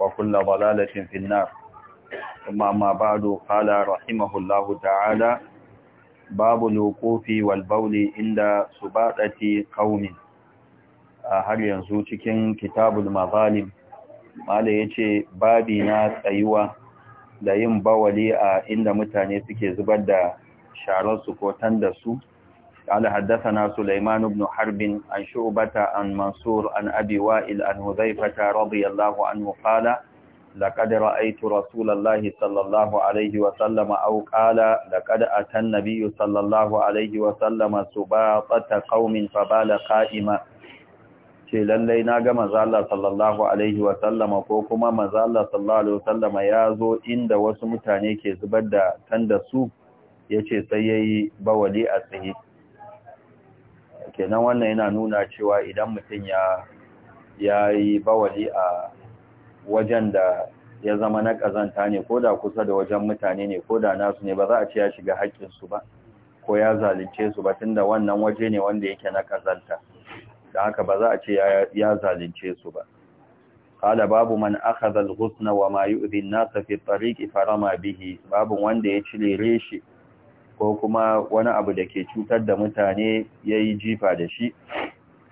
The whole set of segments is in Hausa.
وكل ضلالة في النار ثم ما بعد قال رحمه الله تعالى باب الوقوف والبول عند سباطة قوم har yanzu cikin kitabul mazalim mala ya ce babi na tsayuwa da yin bawali a inda mutane suke zubar da shararsu ko su. قال حدثنا سليمان بن حرب عن شعبة عن منصور عن أبي وائل عن هذيفة رضي الله عنه قال لقد رأيت رسول الله صلى الله عليه وسلم أو قال لقد أتى النبي صلى الله عليه وسلم سباطة قوم فبال قائما ce lallai na ga mazala sallallahu alaihi wasallama ko kuma mazala sallallahu alaihi wasallama ya zo inda wasu mutane ke zubar da tanda su ya ce sai ya yi bawali a tsaye kenan wannan yana nuna cewa idan mutum ya ya yi bawali a wajen da ya zama na ƙazanta ne ko da kusa da wajen mutane ne ko da nasu ne ba za a ce ya shiga haƙƙinsu ba ko ya zalunce su ba tunda wannan waje ne wanda yake na kazanta da haka ba za a ce ya zalunce su ba qala babu man akhadha al-ghusna wa ma yu'dhi an-nasa fi at tariq farama bihi babu wanda ya cire reshi ko kuma wani abu da ke cutar da mutane ya yi jifa da shi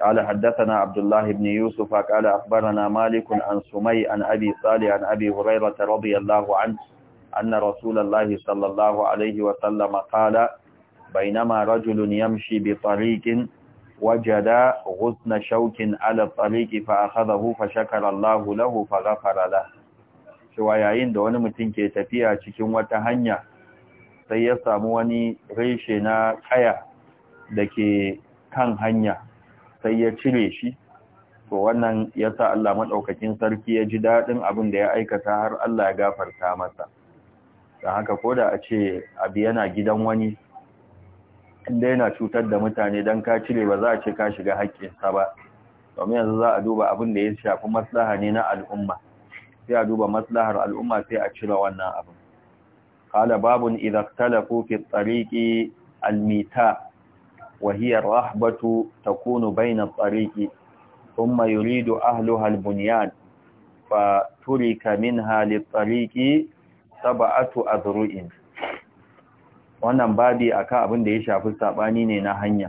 ƙala haddasa abdullahi ibn yusuf a ƙala na malikun an sumai an abi tsali an abi huraira ta rabu yallahu an anna rasulallah sallallahu alaihi wasallam ƙala bai nama rajulun yamshi bi tsarikin wajada gusna shaukin ala tsariki fa a hu hufa shakara lahu lahu fa gafara Shuwa cewa yayin da wani mutum ke tafiya cikin wata hanya sai ya samu wani reshe na kaya da ke kan hanya sai ya cire shi to wannan ya sa Allah maɗaukakin sarki ya ji daɗin abin da ya aikata har Allah ya gafarta masa don haka ko da a ce abu yana gidan wani inda yana cutar da mutane don ka cire ba za a ce ka shiga haƙƙinsa ba domin yanzu za a duba abin da ya shafi maslaha ne na al'umma sai a duba maslahar al'umma sai a cire wannan abin قال باب إذا اختلفوا في الطريق الميتاء وهي الرهبة تكون بين الطريق ثم يريد أهلها البنيان فترك منها للطريق سبعة أذرع wannan babi akan abin da ya shafi sabani ne na hanya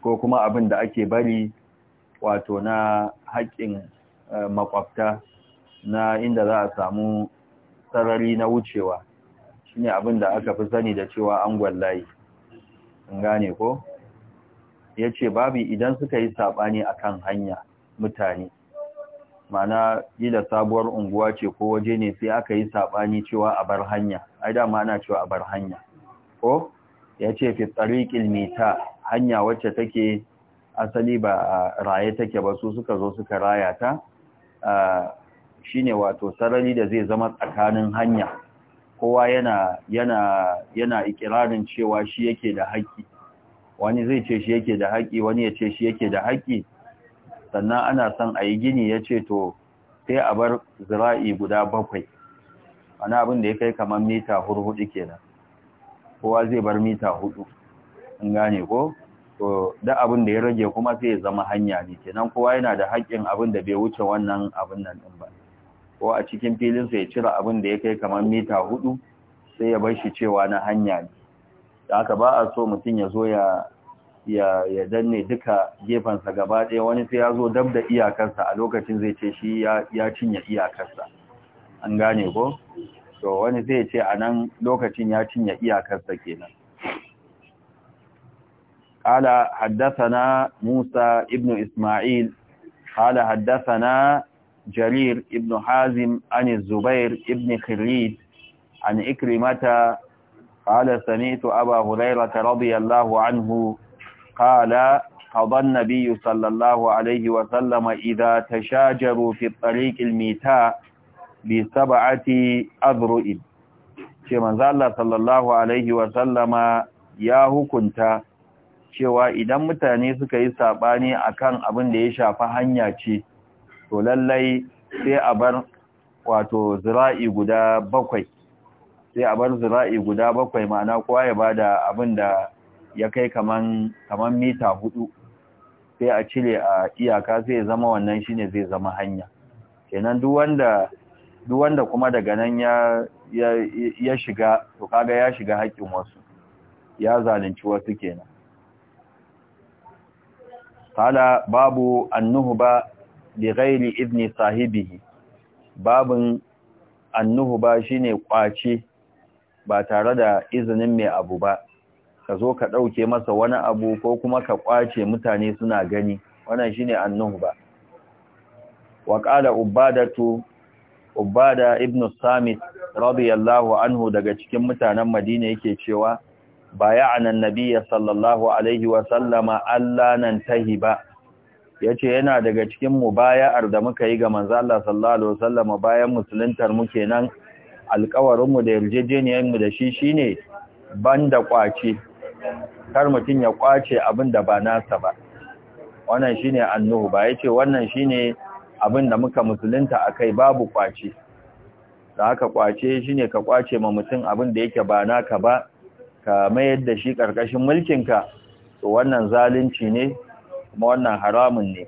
ko kuma abin da ake bari wato na haƙƙin eh, makwabta na inda za a samu sarari na wucewa shi ne abin da aka fi sani da cewa an layi in gane ko Ya ce babi idan suka yi a kan hanya mutane mana da sabuwar unguwa ce ko waje ne sai aka yi saɓani cewa a bar hanya ai da ana cewa a bar hanya ko ce fi tariqil mita hanya wacce take asali ba a raye take ba su suka zo suka raya ta shine wato sarari da zai zama tsakanin hanya kowa yana yana yana ikirarin cewa shi yake da haƙƙi wani zai ce shi yake da haƙƙi wani ya ce shi yake da haƙƙi sannan ana son a yi gini ya ce to sai a bar zira'i guda bakwai wani abin da ya kai kamar mita hurhudu kenan kowa zai bar mita hudu in gane ko to da abin da ya rage kuma sai ya zama hanya ne kenan kowa yana da haƙƙin abin da bai wuce wannan abin nan din ba ko a cikin filinsa ya cire abin da ya kai kamar mita hudu sai ya bar shi cewa na hanya ne da haka ba a so mutum ya zo ya danne duka gefensa gaba ɗaya wani sai ya zo dab da iyakarsa a lokacin zai ce shi ya cinye iyakarsa an gane ko to wani zai ce a nan lokacin ya cinye iyakarsa kenan قال حدثنا موسى ابن إسماعيل قال حدثنا jarir ibn hazim an zubair ibn khirrid an ikrimata قال سمعت أبا هريرة رضي الله عنه قال قضى النبي صلى الله عليه وسلم إذا تشاجروا في الطريق الميتاء بسبعة أذرئ كما زال صلى الله عليه وسلم ياهو كنت cewa idan mutane suka yi sabani akan abin da ya shafi hanya ce to lallai sai a bar wato zira'i guda bakwai sai a bar zira'i guda bakwai ma'ana kowa ya bada abin da ya kai kaman mita hudu sai a cire a iyaka sai zama wannan shine zai zama hanya kenan duk wanda duk wanda kuma daga nan ya shiga to kaga ya shiga haƙƙin wasu ya zalunci wasu kenan qala babu annuhu ba. bi ghairi sahibi sahibihi babin annuhu ba shine kwace ba tare da izinin mai abu ba ka zo ka dauke masa wani abu ko kuma ka kwace mutane suna gani wannan shine annuhu ba wa qala ubadatu ubada ibn samit radiyallahu anhu daga cikin mutanen madina yake cewa baya'ana annabiyya sallallahu alaihi wa sallama alla nantahi ba Ya ce yana daga cikin mubaya'ar da muka yi ga manzo Allah sallallahu alaihi wasallam bayan musuluntar mu kenan Alƙawarinmu da yarjejeniyar mu da shi shine banda kwace kar mutun ya kwace abin da ba nasa ba wannan shine annuhu ba yace wannan shine abin da muka musulunta akai babu kwace da haka kwace shine ka kwace ma mutum abin da yake ba naka ba ka mayar da shi karkashin mulkinka to wannan zalunci ne kuma wannan haramun ne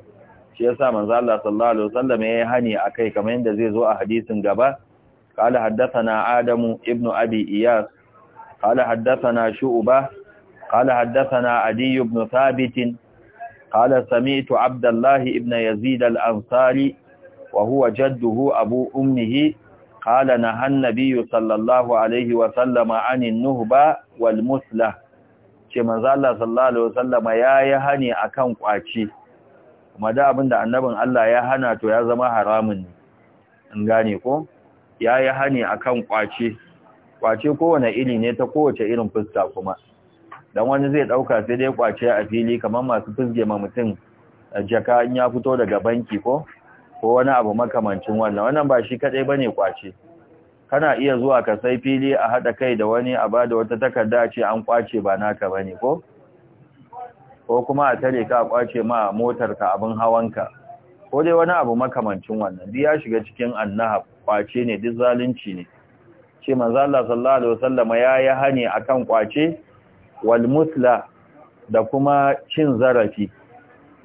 shi yasa manzo Allah sallallahu alaihi wasallam yayi hani kamar yadda zai zo a hadisin gaba qala haddathana adamu ibnu abi iyas qala haddathana shu'ba qala haddathana Aliyu Bn Sabitin qala sami'tu abdullah Ibn yazid al-ansari wahuwa jadduhu abu ummihi qala nahanna nabiyyu sallallahu alaihi wasallam anin nuhba wal muslah ce manzo Allah sallallahu alaihi wasallama yayi hani akan kwaci kuma da abinda annabin Allah ya hana to ya zama haramun ne, in gane ko yayi hani akan kwaci kwace kowane iri ne ta kowace irin fuska kuma dan wani zai dauka sai dai kwace a fili kamar masu fusge ma mutum jaka in ya fito daga banki ko ko wani abu makamancin wannan wannan ba shi kadai bane kwace kana iya zuwa ka sai fili a haɗa kai da wani a bada wata takarda ce an kwace ba naka bane ko ko kuma a tare ka kwace ma motarka abin ka? ko dai wani abu makamancin wannan duk ya shiga cikin annahab kwace ne duk zalunci ne ce manzo Allah sallallahu alaihi wasallam ya yi hani akan kwace wal musla da kuma cin zarafi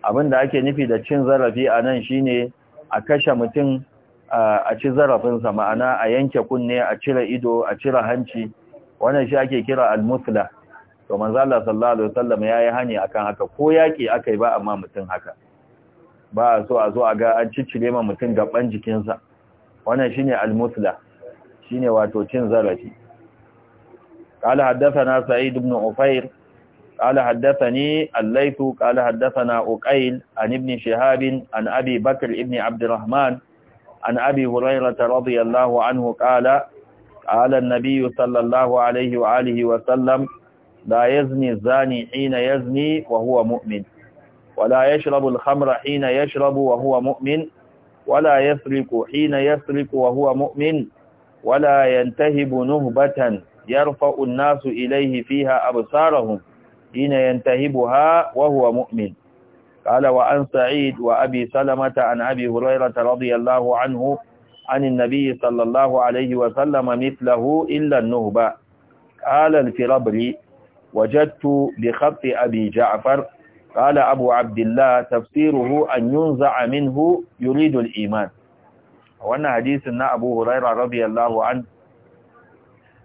abinda ake nufi da cin zarafi anan shine a kashe mutum a ci zarafinsa ma'ana a yanke kunne a cire ido a cire hanci wannan shi ake kira al-musla to manzo Allah sallallahu alaihi wasallam yayi hani akan haka ko yaki akai ba amma mutun haka ba so a zo a ga an ciccire ma mutun gaban jikinsa wannan shine al-musla shine wato cin zarafi قال حدثنا سعيد بن عفير قال حدثني الليث قال حدثنا أقيل عن ابن شهاب عن أبي بكر ابن عبد الرحمن عن أبي هريرة رضي الله عنه قال قال النبي صلى الله عليه وآله وسلم لا يزني الزاني حين يزني وهو مؤمن ولا يشرب الخمر حين يشرب وهو مؤمن ولا يسرق حين يسرق وهو مؤمن ولا ينتهب نهبة يرفع الناس إليه فيها أبصارهم حين ينتهبها وهو مؤمن قال وعن سعيد وأبي سلمة عن أبي هريرة رضي الله عنه عن النبي صلى الله عليه وسلم مثله إلا النهبة قال الفربري وجدت بخط أبي جعفر قال أبو عبد الله تفسيره أن ينزع منه يريد الإيمان وأن حديثنا أبو هريرة رضي الله عنه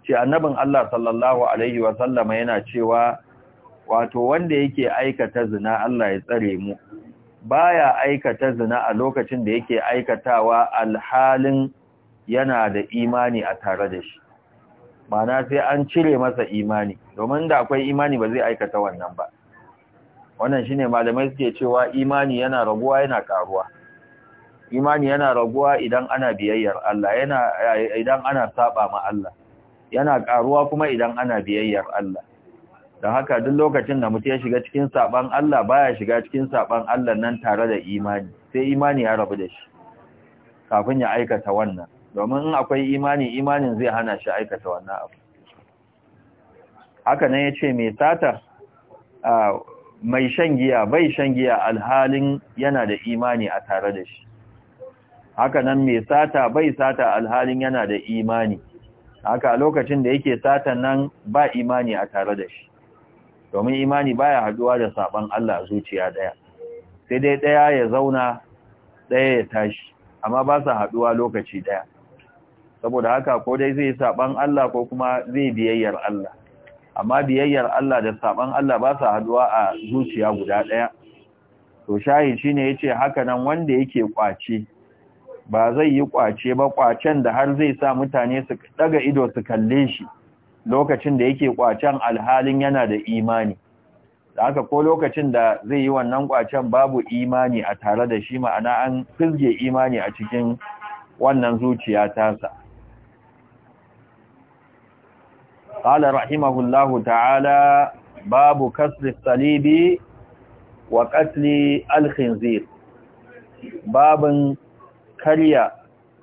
شيء النبي الله صلى الله عليه وسلم ينشي wato wanda yake aikata zina Allah ya tsare mu baya aikata zina a lokacin da yake aikatawa alhalin yana da imani a tare da shi mana sai an cire masa imani domin da akwai imani ba zai aikata wannan ba wannan shine malamai suke cewa imani yana raguwa yana karuwa imani yana raguwa idan ana biyayyar Allah yana idan ana saba ma Allah yana karuwa kuma idan ana biyayyar Allah don haka duk lokacin da mutum ya shiga cikin saban Allah baya shiga cikin saban Allah nan tare da imani sai imani ya rabu da shi kafin ya aikata wannan domin in akwai imani imanin zai hana shi aikata wannan abu haka nan ya ce mai sata mai shan giya bai shan giya alhalin yana da imani a tare da shi haka nan mai sata bai sata alhalin yana da imani haka a lokacin da yake satan nan ba imani a tare da shi domin imani baya haduwa da saban Allah zuciya daya sai dai daya ya zauna daya ya tashi amma ba sa haduwa lokaci daya saboda haka ko dai zai saban Allah ko kuma zai biyayyar Allah amma biyayyar Allah da saban Allah ba sa haduwa a zuciya guda daya to shahi shine yace haka nan wanda yake kwace ba zai yi kwace ba kwacen da har zai sa mutane su daga ido su kalle shi lokacin da yake kwacen alhalin yana da imani da haka ko lokacin da zai yi wannan kwacen babu imani a tare da shi ma'ana an fizge imani a cikin wannan zuciya tasa قال rahimahullahu ta'ala babu kasri salibi wa وقتل karya wato karya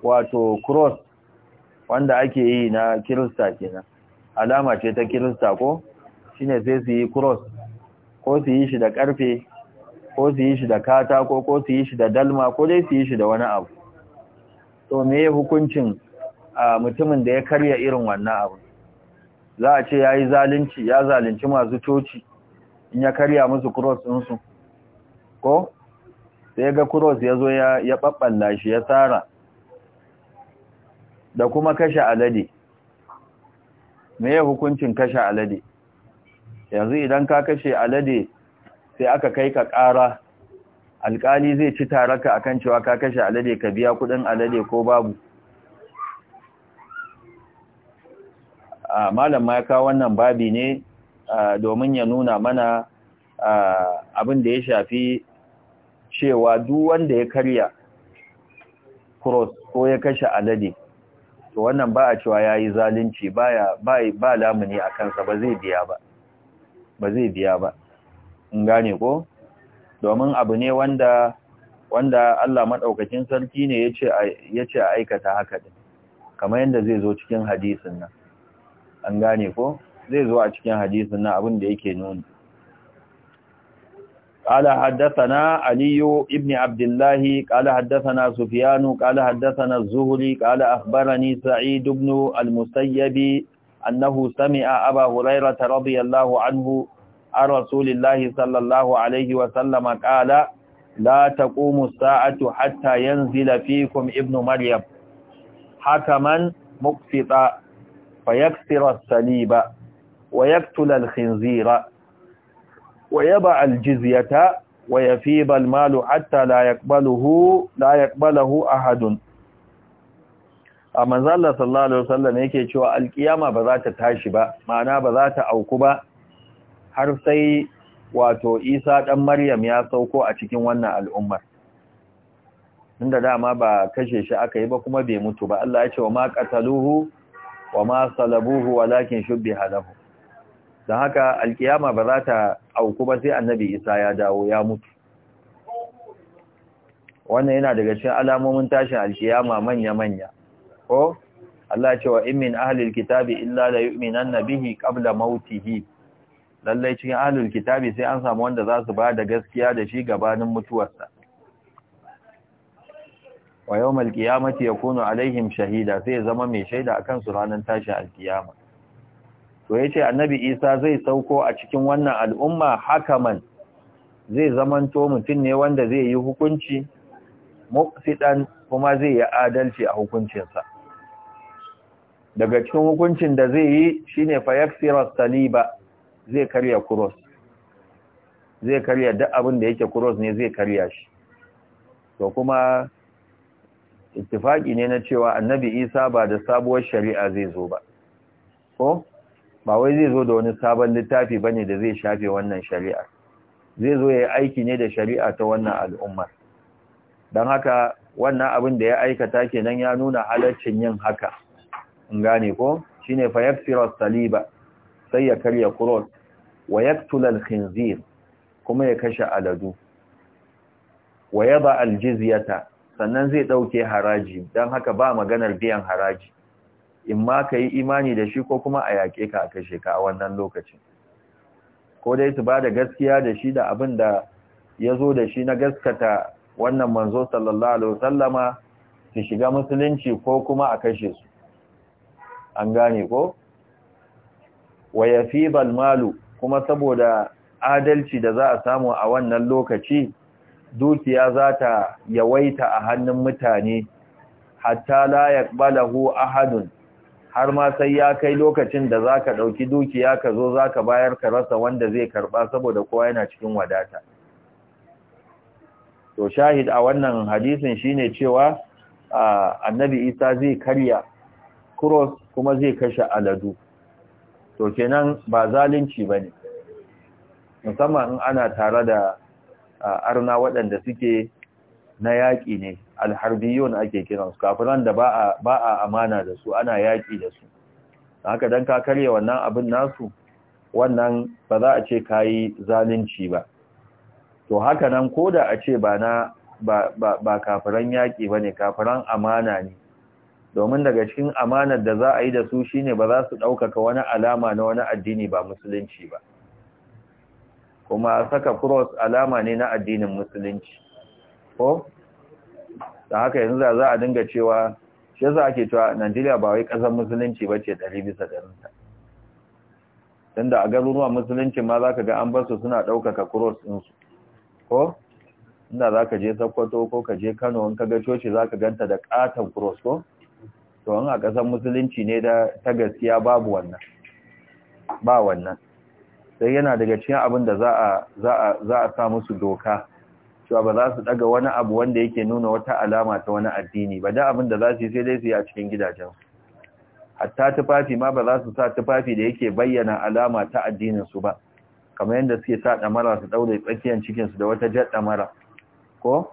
wato cross wanda ake yi na kirista kenan alama ce ta kirista ko shine sai su yi cross ko su yi shi da karfe ko su yi shi da katako ko su yi shi da dalma ko dai su yi shi da wani abu to me hukuncin mutumin da ya karya irin wannan abu za a ce ya yi zalunci ya zalunci masu coci in ya karya musu cross ɗinsu ko sai ga cross ya zo ya ɓaɓɓalla shi ya tsara da kuma kashe alade me ya hukuncin kashe alade yanzu idan ka kashe alade sai aka kai ka ƙara alƙali zai ci taraka akan cewa ka kashe alade ka biya kuɗin alade ko babu malam ma ya kawo wannan babi ne domin ya nuna mana abin da ya shafi cewa duk wanda ya karya cross ko ya kashe alade to wannan ba a cewa yayi zalunci ba lamuni a kansa ba zai biya ba ba in gane ko domin abu ne wanda wanda Allah maɗaukacin sarki ne yace yace a aikata haka din kamar yanda zai zo cikin hadisin nan an gane ko zai zo a cikin hadisin nan abin da yake nuni قال حدثنا علي بن عبد الله قال حدثنا سفيان قال حدثنا الزهري قال أخبرني سعيد بن المسيب أنه سمع أبا هريرة رضي الله عنه عن رسول الله صلى الله عليه وسلم قال لا تقوم الساعة حتى ينزل فيكم ابن مريم حكما مقسطا فيكسر السليب ويقتل الخنزير wa yaba aljizyata wa yafiba almalu hatta la yaqbaluhu la yaqbalahu ahadun a manzala sallallahu alaihi wasallam yake cewa alkiyama ba za ta tashi ba ma'ana ba za ta auku ba har sai wato Isa dan Maryam ya sauko a cikin wannan al'ummar inda dama ba kashe shi aka yi ba kuma bai mutu ba Allah ya ce wa ma qataluhu wa ma salabuhu walakin shubbiha lahu don haka alkiyama ba za ta auku ba sai annabi isa ya dawo ya mutu wannan yana daga cikin alamomin tashin alkiyama manya-manya ko Allah cewa in min ahlil kitabi illa la yu'minanna bihi qabla mautihi lallai cikin ahlul kitabi sai an samu wanda za su ba da gaskiya da shi gabanin mutuwarsa wa yawmal qiyamati yakunu alaihim shahida sai zama mai shaida akan su ranar tashin alkiyama to ya ce annabi Isa zai sauko a cikin wannan al'umma hakaman zai zamanto mutum ne wanda zai yi hukunci muqsidan kuma zai yi adalci a hukuncinsa daga cikin hukuncin da zai yi shine ne yaksira saliba zai karya Kuros, zai karya duk abin da yake Kuros ne zai karya shi to kuma ittifaki ne na cewa annabi Isa ba da sabuwar shari'a zai zo ba ko ba wai zai zo da wani sabon littafi ba ne da zai shafe wannan shari'ar zai zo ya aiki ne da shari'a ta wannan al'ummar don haka wannan abin da ya aikata ke nan ya nuna halaccin yin haka in gane ko ne fa yakfira saliba sai ya karya kuros wa yaktular khinzir kuma ya kashe aladu wa yaba sannan zai ɗauke haraji don haka ba maganar biyan haraji in ma ka yi imani da shi ko kuma a yaƙe ka a kashe ka a wannan lokacin ko dai su ba da gaskiya da shi da abin da ya zo da shi na gaskata wannan manzo sallallahu alaihi wasallama su shiga musulunci ko kuma a kashe su an gane ko wa yafibal malu kuma saboda adalci da za a samu a wannan lokaci dukiya za ta yawaita a hannun mutane hatta la yaqbalahu ahadun har ma sai ya kai lokacin da za ka ɗauki dukiya ka zo za ka bayar ka rasa wanda zai karɓa saboda kowa yana cikin wadata to shahid a wannan hadisin shi ne cewa annabi isa zai karya kuros kuma zai kashe aladu to kenan ba zalunci ba ne musamman in ana tare da arna waɗanda suke na yaƙi ne alharbiyon ake kiransu kafiran da ba a amana da su ana yaƙi da su haka don ka karye wannan abin nasu wannan ba za a ce ka yi zalunci ba to haka nan ko da a ce ba na ba kafiran yaƙi ba ne kafiran amana ne domin daga cikin amanar da za a yi da su shine ba za su ɗaukaka wani alama na wani addini ba musulunci ba kuma saka cross alama ne na addinin musulunci ko da haka yanzu za a dinga cewa shi yasa ake cewa Najeriya ba wai ƙasar musulunci ba ce ɗari bisa ɗarinta tunda a garuruwan musulunci ma za ka ga an basu suna ɗaukaka cross su ko inda za ka je sokoto ko ka je kano in ka ga coci za ka ganta da ƙaton cross ko to in a ƙasar musulunci ne da ta gaskiya babu wannan ba wannan sai yana daga cikin abin da za a za a za a sa musu doka cewa ba za su daga wani abu wanda yake nuna wata alama ta wani addini ba da abin da za su yi sai dai su yi a cikin gidajen hatta tufafi ma ba za su sa tufafi da yake bayyana alama ta addinin su ba kamar yadda suke sa damara su daure tsakiyar cikin su da wata jar damara ko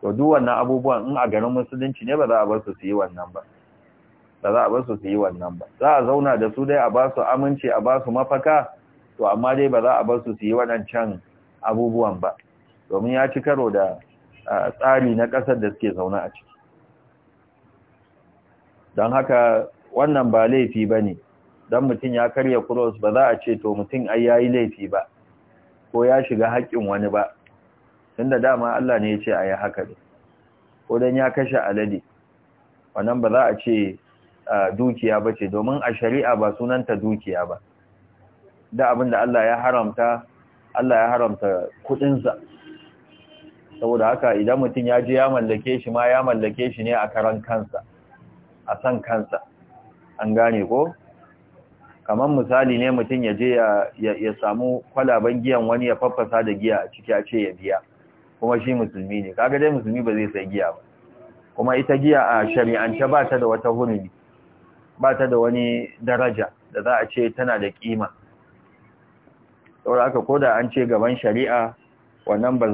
to duk wannan abubuwan in a garin musulunci ne ba za a bar su su yi wannan ba ba za a bar su su yi wannan ba za a zauna da su dai a ba su aminci a ba su mafaka to amma dai ba za a bar su su yi waɗancan abubuwan ba domin ya ci karo da tsari na ƙasar da suke zaune a ciki don haka wannan ba laifi ba ne don mutum ya karya kuros ba za a ce to mutum ai ya yi laifi ba ko ya shiga haƙƙin wani ba tunda dama Allah ne ya ce a yi haka ne ko don ya kashe alade wannan ba za a ce dukiya ba ce domin a shari'a ba sunanta dukiya ba da abin da Allah ya haramta Allah ya haramta kudinsa saboda haka idan mutum ya ji ya mallake shi ma ya mallake shi ne a karan kansa a san kansa an gane ko kamar misali ne mutum ya je ya samu kwalaban giyan wani ya faffasa da giya a ciki a ce ya biya kuma shi musulmi ne kaga dai musulmi ba zai sai giya ba kuma ita giya a shari'ance ba ta da wata hurumi ba ta da wani daraja da za a ce tana da kima saboda haka koda an ce gaban shari'a wannan ba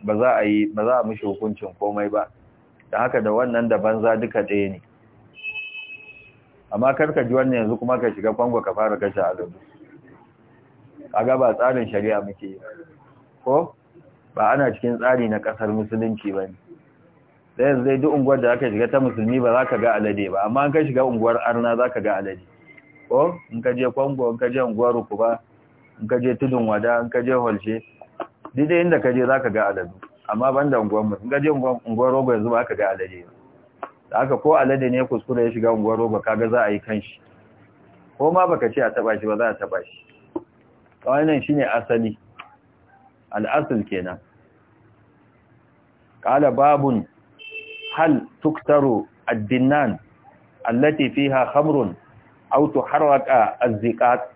za a yi ba za a mishi hukuncin komai ba da haka da wannan da banza duka ɗaya ne amma karka ji wannan yanzu kuma ka shiga kwango ka fara kashe azabu kaga ba tsarin shari'a muke yi ko ba ana cikin tsari na ƙasar musulunci ba ne zai yanzu dai duk unguwar da aka shiga ta musulmi ba za ka ga alade ba amma an ka shiga unguwar arna za ka ga alade ko in ka je kwango in ka je unguwar rukuba in ka je tudun wada in ka je holshe daidai inda ka je za ka ga aladu amma ban da unguwanmu in gaje unguwar roba yanzu ba ka ga alade da aka ko alade ne kuskure ya shiga unguwar roba kaga za a yi kanshi ko ma baka ce a taba shi ba za a taba shi wannan shine asali al'asul kenan Ƙala babun hal tuktaru addinan dinan allati fiha khamrun aw tuharraka az-ziqat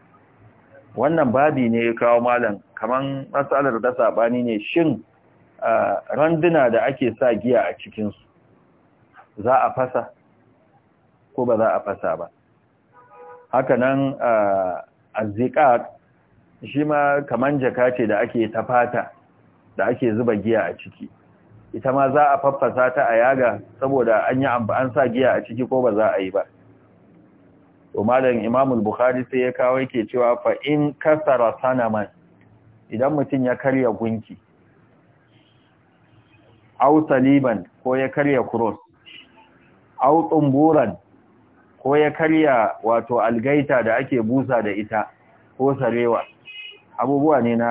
wannan babi ne ya kawo malam kaman matsalar da sabani ne shin randuna da ake sa giya a cikinsu za a fasa ko ba za a fasa ba haka nan azzika shi ma kaman jaka ce da ake ta fata da ake zuba giya a ciki ita ma za a faffasa ta a yaga saboda an yi an sa giya a ciki ko ba za a yi ba to malam Imam bukhari sai ya kawo yake cewa fa in kasara sanaman idan mutum ya karya gunki au saliban ko ya karya cross au tsumburan ko ya karya wato algaita da ake busa da ita ko sarewa abubuwa ne na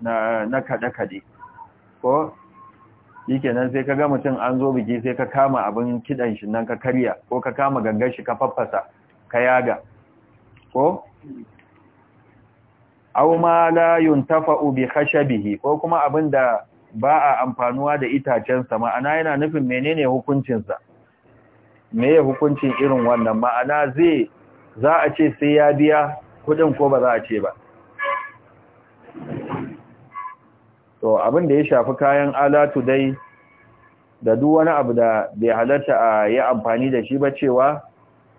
na na kada kade ko shikenan sai ga mutum an zo biki sai ka kama abin kidan shi nan ka karya ko ka kama gangan shi ka faffasa ka yaga ko aw ma la yuntafa'u bi khashabihi ko kuma abinda ba a amfanuwa da itacen sa ma'ana yana nufin menene hukuncin sa ya hukuncin irin wannan ma'ana zai za a ce sai ya biya kudin ko ba za a ce ba to abin da ya shafi kayan alatu dai da duk wani abu da bai halatta a yi amfani da shi ba cewa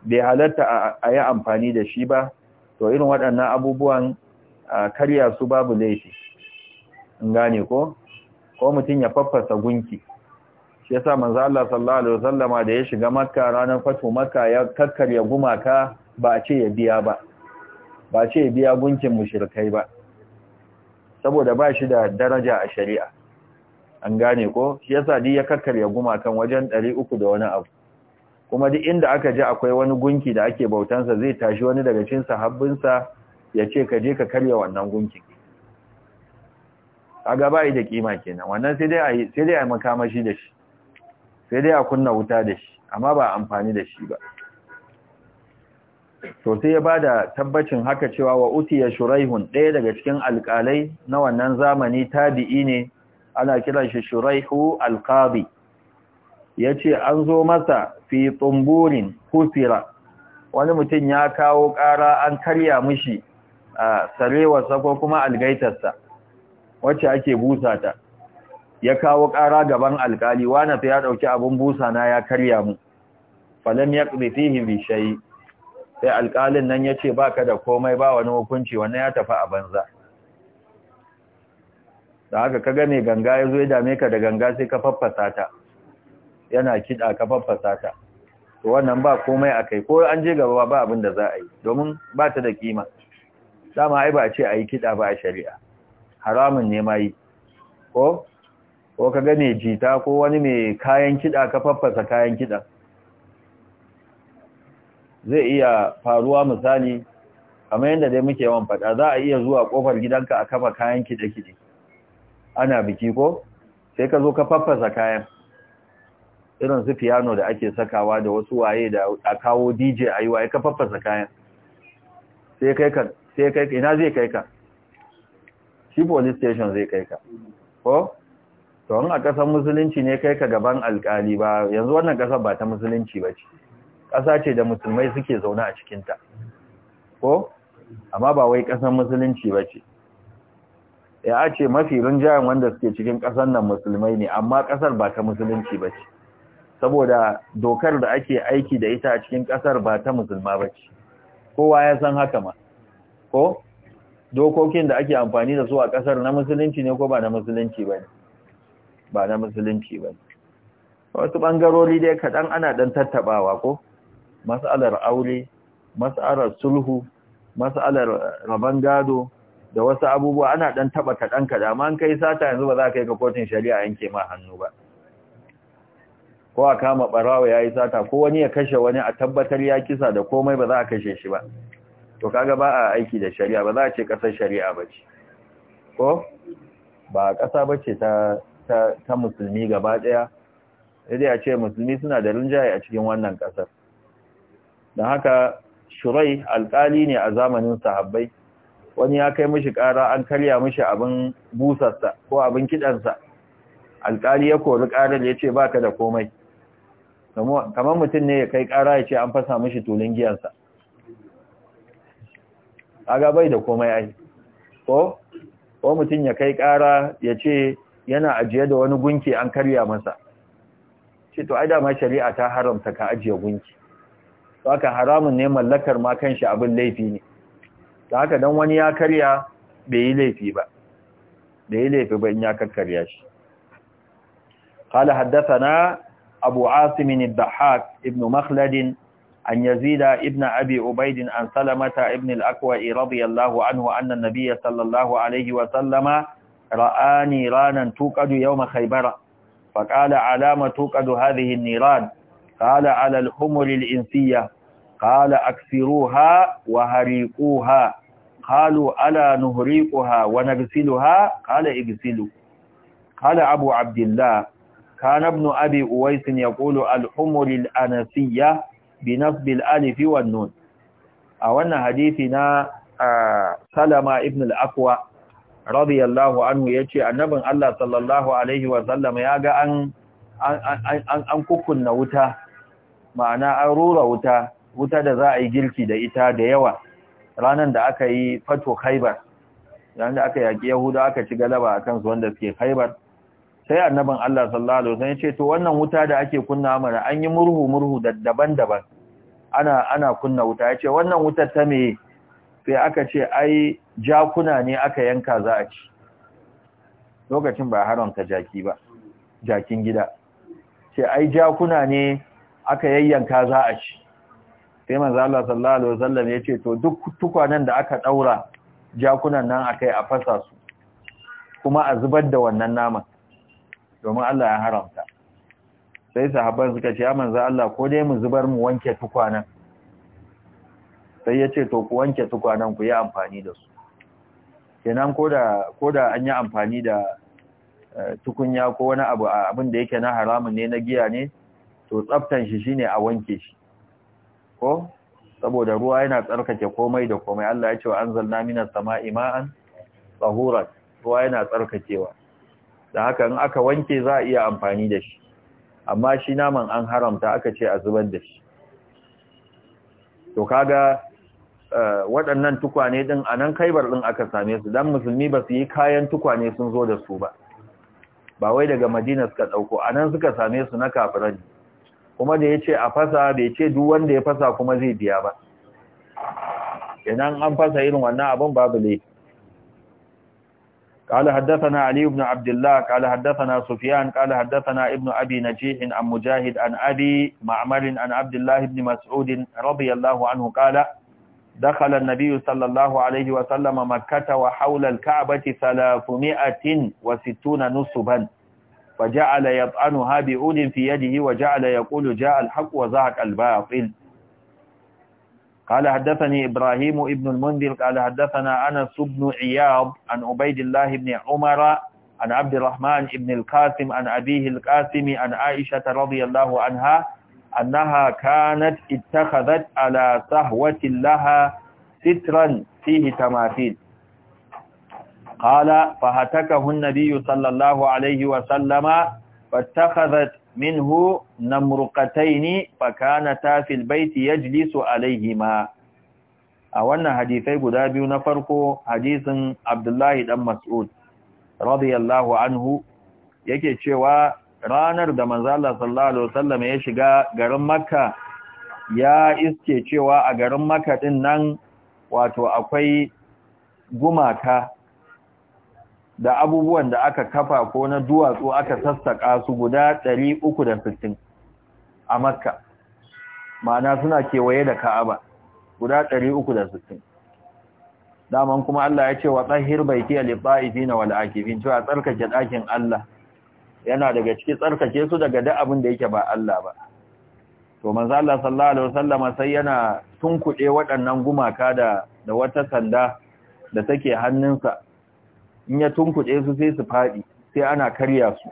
bai halarta a yi amfani da shi ba to irin waɗannan abubuwan a karya su babu laifi in gane ko ko mutum ya faffasa gunki shi yasa manzo Allah sallallahu alaihi da ya shiga makka ranar fatu makka ya kakkarya gumaka ba a ce ya biya ba ba a ce ya biya gunkin mushrikai ba saboda ba shi da daraja a shari'a an gane ko shi yasa dai ya kakkarya gumakan wajen ɗari uku da wani abu kuma duk inda aka je akwai wani gunki da ake bautansa zai tashi wani daga cikin sahabbinsa ya ce ka je ka karya wannan gunkin kaga bai da kima kenan wannan sai dai ai sai dai a makamashi da shi sai dai a kunna wuta da shi amma ba amfani da shi ba to sai ya bada tabbacin haka cewa wa utiya shuraihun ɗaya daga cikin alƙalai na wannan zamani tabi'i ne ana kiran shi shuraihu alqadi ya ce an zo masa fi tsumburin kufira wani mutum ya kawo ƙara an karya mishi a sarewarsa sako kuma algaitarsa wacce ake busa ya kawo ƙara gaban alkali wani ta ya ɗauki abin busa na ya karya mu falam ya ƙudifihi bishayi sai alkalin nan ya ce ba ka da komai ba wani hukunci wannan ya tafi a banza da haka ka ga mai ganga ya zo ya dame ka da ganga sai ka faffasa ta yana kiɗa ka faffasa ta to wannan ba komai a kai ko an je gaba ba abin da za a yi domin ba ta da kima dama ai ba a ce a yi kiɗa ba a shari'a haramun ne ma yi ko ko ka ga mai jita ko wani mai kayan kiɗa ka faffasa kayan kiɗa zai iya faruwa misali kamar yadda dai muke yawan faɗa za a iya zuwa ƙofar gidanka a kafa kayan kiɗe-kiɗe ana biki ko sai ka zo ka faffasa kayan irin su piano da ake sakawa da wasu waye da a kawo DJ a yi waye ka faffasa kayan sai kai ka sai kai ina zai kai ka shi police station zai kai ka ko to in a kasar musulunci ne kai ka gaban alkali ba yanzu wannan kasar ba ta musulunci ba ce kasa ce da musulmai suke zaune a cikinta ko amma ba wai kasar musulunci ba ce ya ce mafi rinjayen wanda suke cikin kasar nan musulmai ne amma kasar ba ta musulunci ba ce saboda dokar da ake aiki da ita a cikin kasar ba ta musulma ba ce kowa ya san haka ma ko dokokin da ake amfani da su a ƙasar na musulunci ne ko ba na musulunci ba ne ba na musulunci ba ne wasu ɓangarori dai kaɗan ana ɗan tattaɓawa ko mas'alar aure mas'alar sulhu mas'alar rabon gado da wasu abubuwa ana ɗan taɓa kaɗan kaɗa amma an kai sata yanzu ba za ka yi ka kotun shari'a yanke ma hannu ba ko a kama barawa yi sata ko wani ya kashe wani a tabbatar ya kisa da komai ba za a kashe shi ba to kaga ba a aiki da shari'a ba za a ce kasar shari'a ba ce ko ba kasa ba ce ta musulmi gaba daya sai a ce musulmi suna da rinjaye a cikin wannan kasar don haka shurai alkali ne a zamanin sahabbai wani ya kai mishi kara an karya mishi abin busarsa ko abin kidansa alkali ya kori ƙarar ya ce baka da komai kamar mutum ne ya kai ƙara ya ce an fasa mashi tulun giyansa aga bai da komai ai ko ko mutum ya kai ƙara ya ce yana ajiye da wani gunki an karya masa ce to ai dama shari'a ta haramta ka ajiye gunki to haka haramun ne mallakar ma kanshi abin laifi ne to haka dan wani ya karya bai yi laifi ba bai yi laifi ba in ya karkarya shi قال حدثنا أبو عاصم الضحاك ابن مخلد أن يزيد ابن أبي عبيد عن سلمة ابن الأكوى رضي الله عنه أن النبي صلى الله عليه وسلم رأى نيرانا توقد يوم خيبر فقال علام توقد هذه النيران قال على الحمر الإنسية قال أكسروها وهريقوها قالوا ألا نهريقها ونغسلها قال اغسلوا قال أبو عبد الله كان ابن أبي أويس يقول الحمر الأنسية بنصب الألف والنون أولنا حديثنا سلمة ابن الأقوى رضي الله عنه يجي ce, الله صلى الله عليه وسلم يقى أن an kukunna wuta ma'ana an rura wuta wuta da za a yi girki da ita da yawa ranar da aka yi fato khaibar ranar da aka yaƙi yahuda aka ci galaba a kansu wanda suke khaibar sai annabin Allah sallallahu alaihi wasallam ya ce to wannan wuta da ake kunna mana an yi murhu murhu daban-daban ana ana kunna wuta ya ce wannan wutar ta me sai aka ce ai jakuna ne aka yanka za a ci lokacin ba haramta jaki ba jakin gida ce ai jakuna ne aka yayyanka za a ci sai manzo Allah sallallahu alaihi wasallam ya ce to duk tukwanen da aka daura jakunan nan akai a fasa su kuma a zubar da wannan naman domin Allah ya haramta sai sahabban suka ce ya za Allah ko dai mu zubar mu wanke tukwanan sai ya ce to ku wanke tukwanan ku yi amfani da su kenan koda da an yi amfani da eh, tukunya ko wani abu abin da yake na haramun ne na giya ne to tsaftan shi shine a wanke shi ko saboda ruwa yana tsarkake komai da komai Allah ya ce wa anzalna minas sama'i ma'an tahuran ruwa yana tsarkakewa da haka in aka wanke za a iya amfani da shi amma shi naman an haramta aka ce a zubar da shi to kaga eh, waɗannan tukwane ɗin a nan kaibar ɗin aka same su don musulmi ba su yi kayan tukwane sun zo da su ba ba wai daga madina suka ɗauko a nan suka same su na kafiran kuma da ya ce a fasa bai ce duk wanda ya fasa kuma zai biya ba idan an fasa irin wannan abin babu laifi قال حدثنا علي بن عبد الله قال حدثنا سفيان قال حدثنا ابن أبي نجيح عن مجاهد عن أبي معمر عن عبد الله بن مسعود رضي الله عنه قال دخل النبي صلى الله عليه وسلم مكة وحول الكعبة ثلاثمائة وستون نصبا فجعل يطعنها بأول في يده وجعل يقول جاء الحق وزهق الباطل قال حدثني إبراهيم ابن المنذر قال حدثنا أنس بن عياض عن عبيد الله بن عمر عن عبد الرحمن بن القاسم عن أبيه القاسم عن عائشة رضي الله عنها أنها كانت اتخذت على صهوة لها سترا فيه تماثيل قال فهتكه النبي صلى الله عليه وسلم فاتخذت minhu namruqataini fakanata fil baiti alaihi ma. a wannan hadisai guda biyu na farko hadisin Abdullahi dan Mas'ud radiyallahu anhu yake cewa ranar da manzo Allah sallallahu alaihi wasallam ya shiga garin Makka ya iske cewa a garin Makka din nan wato akwai gumaka da abubuwan da aka kafa ko na duwatsu aka sassaƙa su guda 360 a makka ma'ana suna kewaye da ka'aba guda 360 daman kuma Allah ya ce wa tsahir baiti al-ta'ifina wal akifin cewa tsarkake ɗakin Allah yana daga ciki tsarkake su daga duk abin da yake ba Allah ba to manzo Allah sallallahu alaihi wasallam sai yana tunkuɗe waɗannan gumaka da da wata sanda da take hannunsa in ya tunkuɗe su sai su faɗi sai ana karya su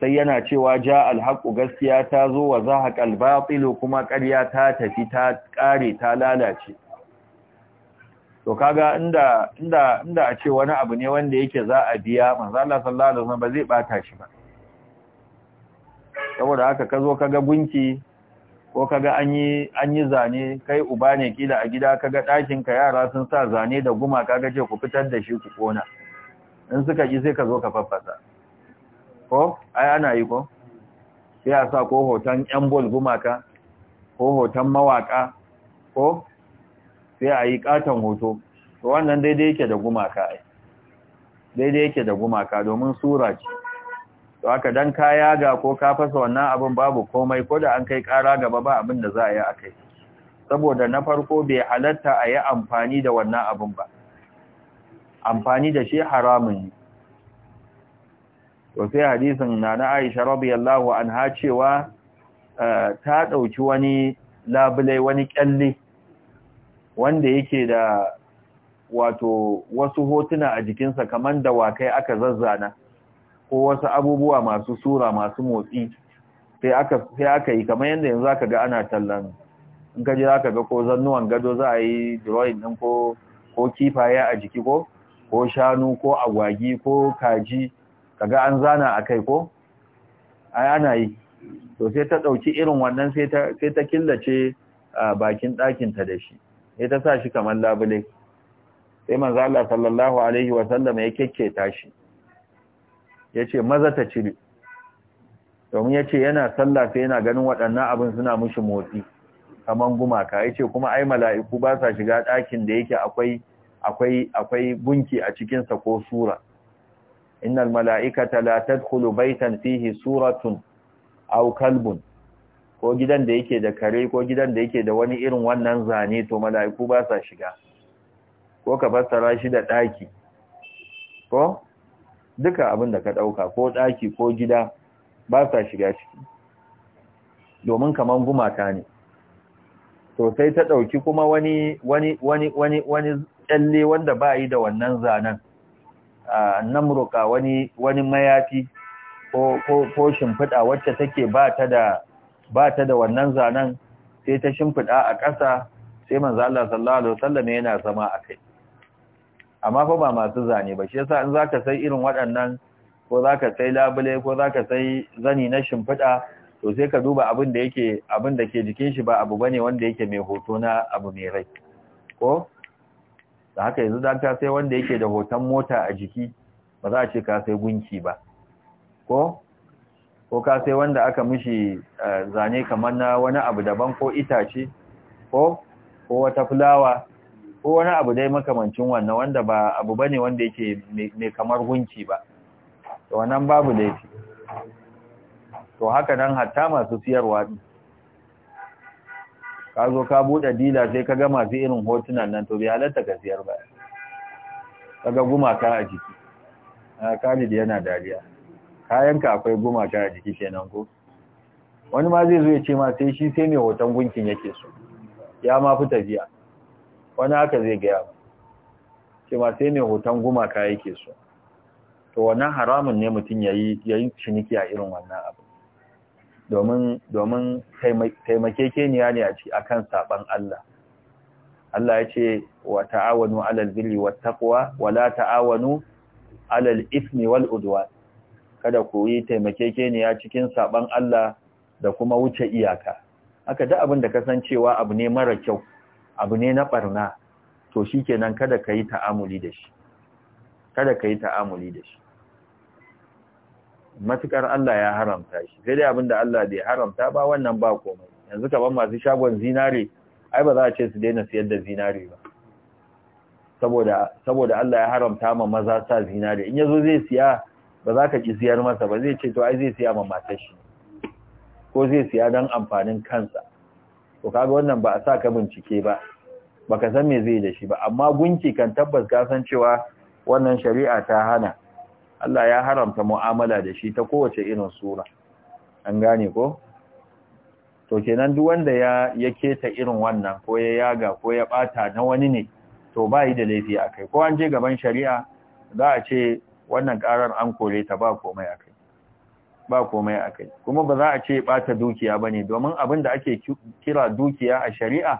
sai yana cewa ja alhaƙu gaskiya ta zo wa za haƙal baɗilo kuma ƙarya ta tafi ta ƙare ta lalace to kaga inda inda inda a ce wani abu ne wanda yake za a biya manzo Allah sallallahu alaihi wasallam ba zai bata shi ba saboda haka ka zo kaga gunki ko kaga an yi an yi zane kai uba ne kila a gida kaga ɗakin ka yara sun sa zane da guma kaga ce ku fitar da shi ku kona in suka ji sai ka zo ka faffasa ko ai ana yi ko sai a sa ko hoton yan bol gumaka ko hoton mawaka ko sai a yi katon hoto to wannan daidai yake da gumaka ai daidai yake da gumaka domin sura ce to haka dan ka yaga ko ka fasa wannan abin babu komai ko da an kai kara gaba ba abin da za a yi akai saboda na farko bai halatta a yi amfani da wannan abin ba amfani da shi haramun ne to sai hadisin na na Aisha radiyallahu anha cewa eh, ta ɗauki wani labulai wani kyalle wanda yake da wato wasu hotuna a jikinsa kaman wakai aka zazzana ko wasu abubuwa masu sura masu motsi sai aka yi kamar yanda yanzu aka ga ana tallan in ka ji zaka ga ko zannuwan gado za a yi drawing din ko ko kifaye a jiki ko ko shanu ko agwagi ko kaji kaga an zana a kai ko ai ana yi to sai ta ɗauki irin wannan sai ta killace bakin ɗakinta da shi sai ta sa shi kamar labule sai manzo Allah sallallahu alaihi wa sallam ya ta shi yace maza ta cire domin yace yana sallah sai yana ganin waɗannan abin suna mushi motsi kaman gumaka yace kuma ai mala'iku ba sa shiga ɗakin da yake akwai akwai akwai gunki a cikin sa ko sura innal mala'ikata la tadkhulu baytan fihi suratun aw kalbun ko gidan da yake da kare ko gidan da yake da wani irin wannan zane to mala'iku ba sa shiga ko ka fassara shi da daki ko duka abin da ka dauka ko daki ko gida ba sa shiga ciki domin kaman gumata ne to sai ta dauki kuma wani wani wani wani kyalle wanda ba yi da wannan zanen nan wani wani mayafi ko shimfiɗa, wacce take ba ta da wannan zanen sai ta shimfiɗa a ƙasa sai manzo Allah sallallahu alaihi wasallam yana zama a kai amma fa ba masu zane ba shi yasa in zaka sai irin waɗannan ko zaka sai labule ko zaka sai zani na shimfiɗa, to sai ka duba abin da yake abin da ke jikin shi ba abu bane wanda yake mai hoto na abu mai rai ko da haka yanzu dan ka sai wanda yake da hoton mota a jiki ba za a ce ka sai gunki ba ko ko ka sai wanda aka mishi eh, zane kamar na wani abu daban ko itace ko ko wata fulawa ko wani abu dai makamancin wannan wanda ba abu bane wanda yake mai kamar gunki ba to nan babu laifi to haka nan hatta masu siyarwa din ka zo ka buɗe dila sai ka ga masu irin hotunan nan to bai halatta ka siyar ba ka ga gumaka a jiki A ah, Khalid yana dariya kayanka akwai gumaka a jiki kenan ko wani ma zai zo ya ce ma sai shi sai mai hoton gunkin yake so ya ma fi tafiya wani haka zai gaya ba ce ma sai mai hoton gumaka yake so to wannan haramun ne mutum ya yi ciniki a irin wannan abu domin ke taimakekeniya ne a ci akan Allah Allah ya ce wa ta'awanu alal birri wa taqwa wa la ta'awanu alal ismi wal uduwa, kada ku yi taimakekeniya cikin saɓan Allah da kuma wuce iyaka haka da abin da kasancewa abu ne mara kyau abu ne na ɓarna to shikenan kada ka yi kada ka yi ta'amuli da shi matukar Allah ya haramta shi sai dai abinda Allah bai haramta ba wannan ba komai yanzu kaban masu shagon zinare ai ba za a ce su daina siyar da zinare ba saboda saboda Allah ya haramta ma maza sa zinare in yazo zai siya ba za ka ki siyar masa ba zai ce to ai zai siya ma matar shi ko zai siya dan amfanin kansa to kaga wannan ba a sa ka bincike ba baka san me zai da shi ba amma gunki kan tabbas ka san cewa wannan shari'a ta hana Allah ya haramta mu'amala da shi ta kowace irin sura an gane ko to kenan duk wanda ya ya keta irin wannan ko ya yaga ko ya bata na wani ne to ba yi da laifi akai ko an je gaban shari'a za a ce wannan karar an kore ta ba komai akai ba komai akai kuma ba za a ce bata dukiya bane domin abin da ake kira dukiya a shari'a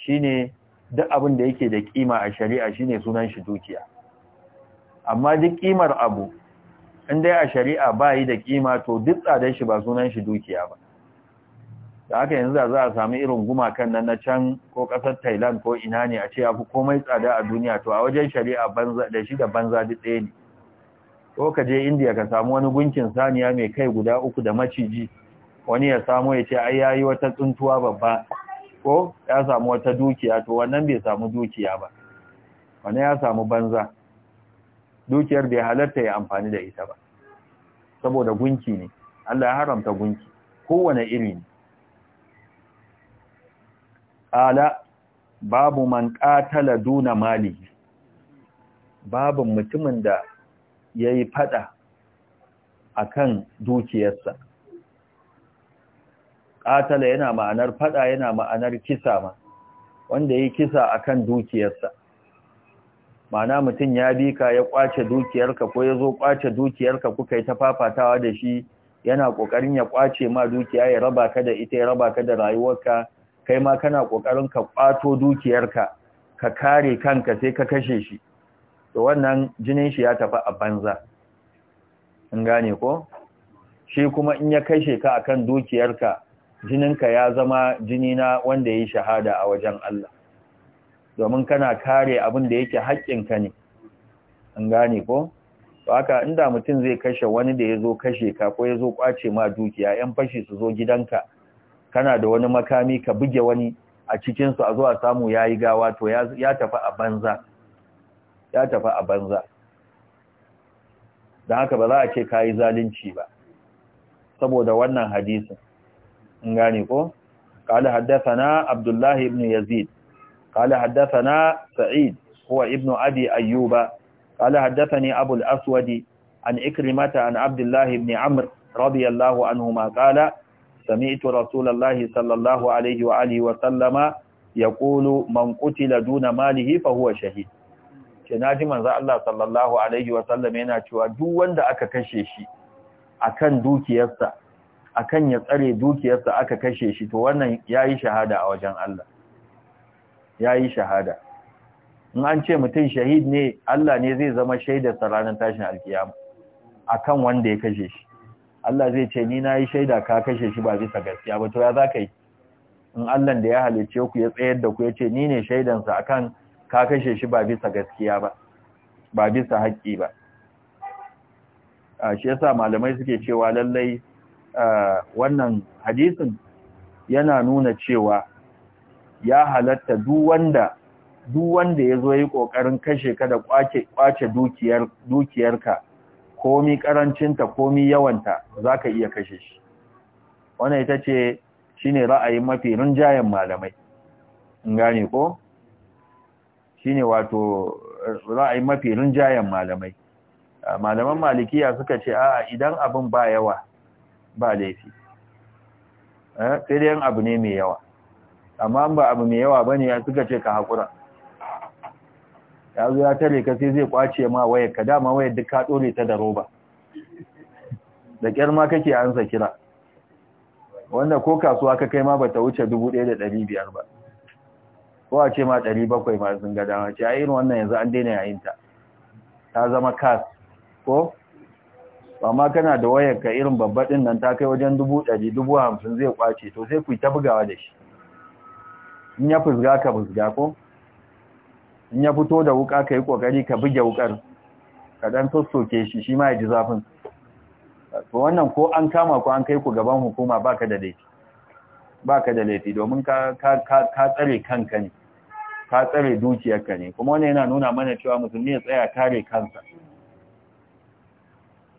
shine duk abin da yake da kima a shari'a shine sunan shi dukiya amma duk kimar abu in dai a shari'a ba yi da kima to duk tsadar shi ba sunan shi dukiya ba da haka yanzu za a sami irin gumakan nan na can ko kasar thailand ko ina ne a ce ya fi komai tsada a duniya to a wajen shari'a da shi da banza duk ɗaya ne ko ka je indiya ka samu wani gunkin saniya mai kai guda uku da maciji wani ya samu ya ce ai ya yi wata tsuntuwa babba ko ya samu wata dukiya to wannan bai samu dukiya ba wani ya samu banza dukiyar bai halarta ya amfani da ita ba saboda gunki ne Allah ya haramta gunki kowane iri ne ala babu man qatala duna mali babu mutumin da yayi fada kan dukiyarsa qatala yana ma'anar fada yana ma'anar kisa ma wanda yayi kisa akan dukiyarsa mana mutum ya bi ka ya kwace dukiyarka ko ya zo kwace dukiyarka kuka yi ta fafatawa da shi yana kokarin ya kwace ma dukiya ya raba ka da ita ya raba ka da rayuwarka kai ma kana kokarin ka kwato dukiyarka ka kare kanka sai ka kashe shi to wannan jinin shi ya tafi a banza in gane ko shi kuma in ya kashe ka akan dukiyarka jinin ka ya zama jini na wanda ya shahada a wajen Allah domin kana kare abin da yake ka ne an gane ko to haka inda mutum zai kashe wani da yazo kashe ka ko yazo kwace ma dukiya yan fashi su zo gidanka kana da wani makami ka buge wani a cikinsu a zo a samu yayi gawa to ya tafi a banza ya tafi a banza don haka ba za a ce ka zalunci ba saboda wannan hadisin in gane ko قال حدثنا عبد الله بن يزيد قال حدثنا سعيد هو ابن أبي أيوب قال حدثني أبو الأسود عن إكرمة عن عبد الله بن عمرو رضي الله عنهما قال سمعت رسول الله صلى الله عليه وآله وسلم يقول من قتل دون ماله فهو شهيد kenaji manzo Allah sallallahu alaihi wa sallam yana cewa duk wanda aka kashe shi akan dukiyarsa akan ya tsare dukiyarsa aka kashe shi to wannan yayi shahada a wajen Allah ya yi shahada in an ce mutum shahid ne Allah ne zai zama shaidarsa ranar tashin alkiyama akan wanda ya kashe shi Allah zai ce ni na yi shaida ka kashe shi ba bisa gaskiya ba to ya za ka yi in Allah da ya halice ku ya tsayar da ku ya ce ni ne shaidansa akan ka kashe shi ba bisa gaskiya ba ba bisa haƙƙi ba Shi shi yasa malamai suke cewa lallai wannan hadisin yana nuna cewa ya halatta duk wanda duk wanda yazo yi kokarin kashe ka da kwace kwace dukiyar dukiyarka komi karancinta komi yawanta zaka iya kashe shi wannan ita ce shine ra'ayin mafi rinjayen malamai in gane ko shine wato ra'ayin mafi rinjayen malamai ah, malaman malikiya suka ce a'a idan abin ba yawa ba laifi eh, sai dai abu ne mai yawa amma ba abu mai yawa bane ya suka ce ka hakura ya ya tare ka sai zai kwace ma wayar ka dama wayar duk ka dore ta da roba da kyar ma kake ansa kira wanda ko kasuwa ka kai ma bata wuce 1500 ba ko a ce ma 700 ma sun ga dama ce a irin wannan yanzu an daina yayin ta ta zama kas ko ba ma kana da wayar ka irin babba din nan ta kai wajen 1000 50 zai kwace to sai ku ta bugawa da shi in ya fusga ka fusga ko in ya fito da wuka ka yi kokari ka buge wukar ka dan sossoke shi shi ma ya ji zafin to wannan ko an kama ko an kai ku gaban hukuma baka da laifi baka da laifi domin ka ka ka tsare kanka ne ka tsare dukiyarka ne kuma wannan yana nuna mana cewa musulmi ya tsaya kare kansa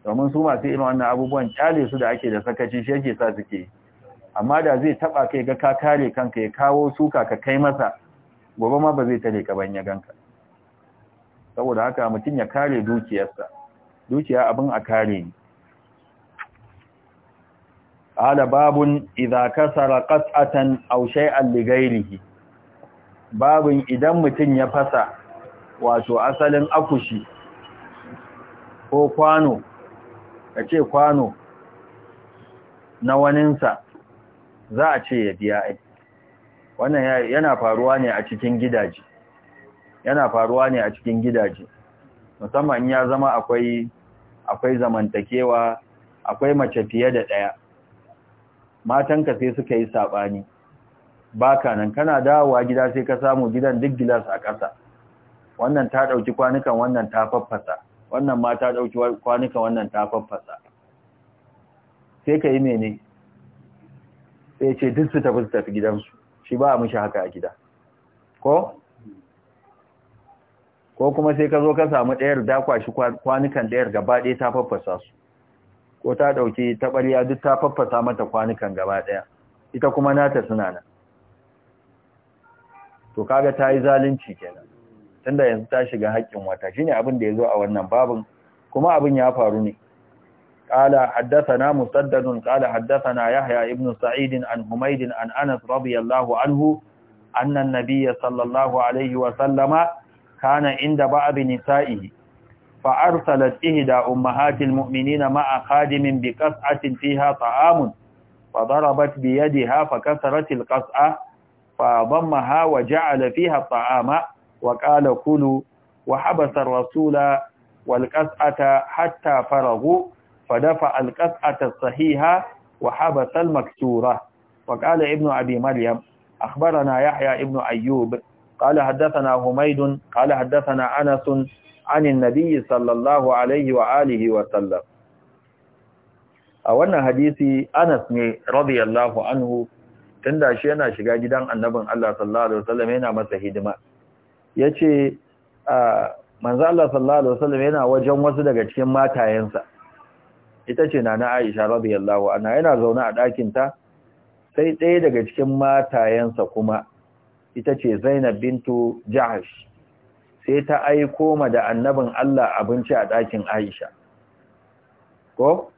domin su masu irin wannan abubuwan kyale su da ake da sakaci shi yake sa suke yi. amma da zai taba kai ga ka kare kanka ya kawo suka ka kai masa gobe ma ba zai tare ka ban ya ganka saboda haka mutum ya kare dukiyarsa dukiya abin a kare ne ala babun idza kasara qat'atan aw shay'an li ghairihi babun idan mutum ya fasa wato asalin akushi ko kwano kace kwano na waninsa za a ce ya biya ai wannan yana faruwa ne a cikin gidaje yana faruwa ne a cikin gidaje musamman ya zama akwai akwai zamantakewa akwai mace fiye da ɗaya ka sai suka yi saɓani baka nan kana dawowa gida sai ka samu gidan duk gilas a ƙasa wannan ta ɗauki kwanukan wannan ta faffasa wannan ma ta ɗauki kwanukan wannan ta faffasa sai ka yi mene sai ce duk su tafi su tafi gidansu shi ba a mishi haka a gida ko ko kuma sai ka zo ka samu ɗayar dakwa shi kwanukan ɗayar gaba ɗaya ta faffasa su ko ta ɗauki taɓarya duk ta faffasa mata kwanukan gaba ɗaya ita kuma nata suna nan to kaga ta yi zalunci kenan tunda yanzu ta shiga haƙƙin wata shine abin da ya zo a wannan babin kuma abin ya faru ne قال حدثنا مسدد قال حدثنا يحيى ابن سعيد عن حميد عن أنس رضي الله عنه أن النبي صلى الله عليه وسلم كان عند بعض نسائه فأرسلت إهدى أمهات المؤمنين مع خادم بقصعة فيها طعام فضربت بيدها فكسرت القصعة فضمها وجعل فيها الطعام وقال كلوا وحبس الرسول والقصعة حتى فرغوا فدفع القطعة الصحيحة وحبس المكسورة وقال ابن أبي مريم أخبرنا يحيى ابن أيوب قال حدثنا هميد قال حدثنا أنس عن النبي صلى الله عليه وآله وسلم أولا حديثي أنس رضي الله عنه tunda shi yana shiga gidan annabin Allah sallallahu alaihi wasallam yana masa hidima yace manzo Allah sallallahu alaihi wasallam yana wajen wasu daga cikin matayensa ita ce nana Aisha radiyallahu anha yana zaune a ɗakin ta sai ɗaya daga cikin matayensa kuma ita ce Zainab bintu Jahsh sai ta aiko ma da annabin Allah abinci a ɗakin Aisha ko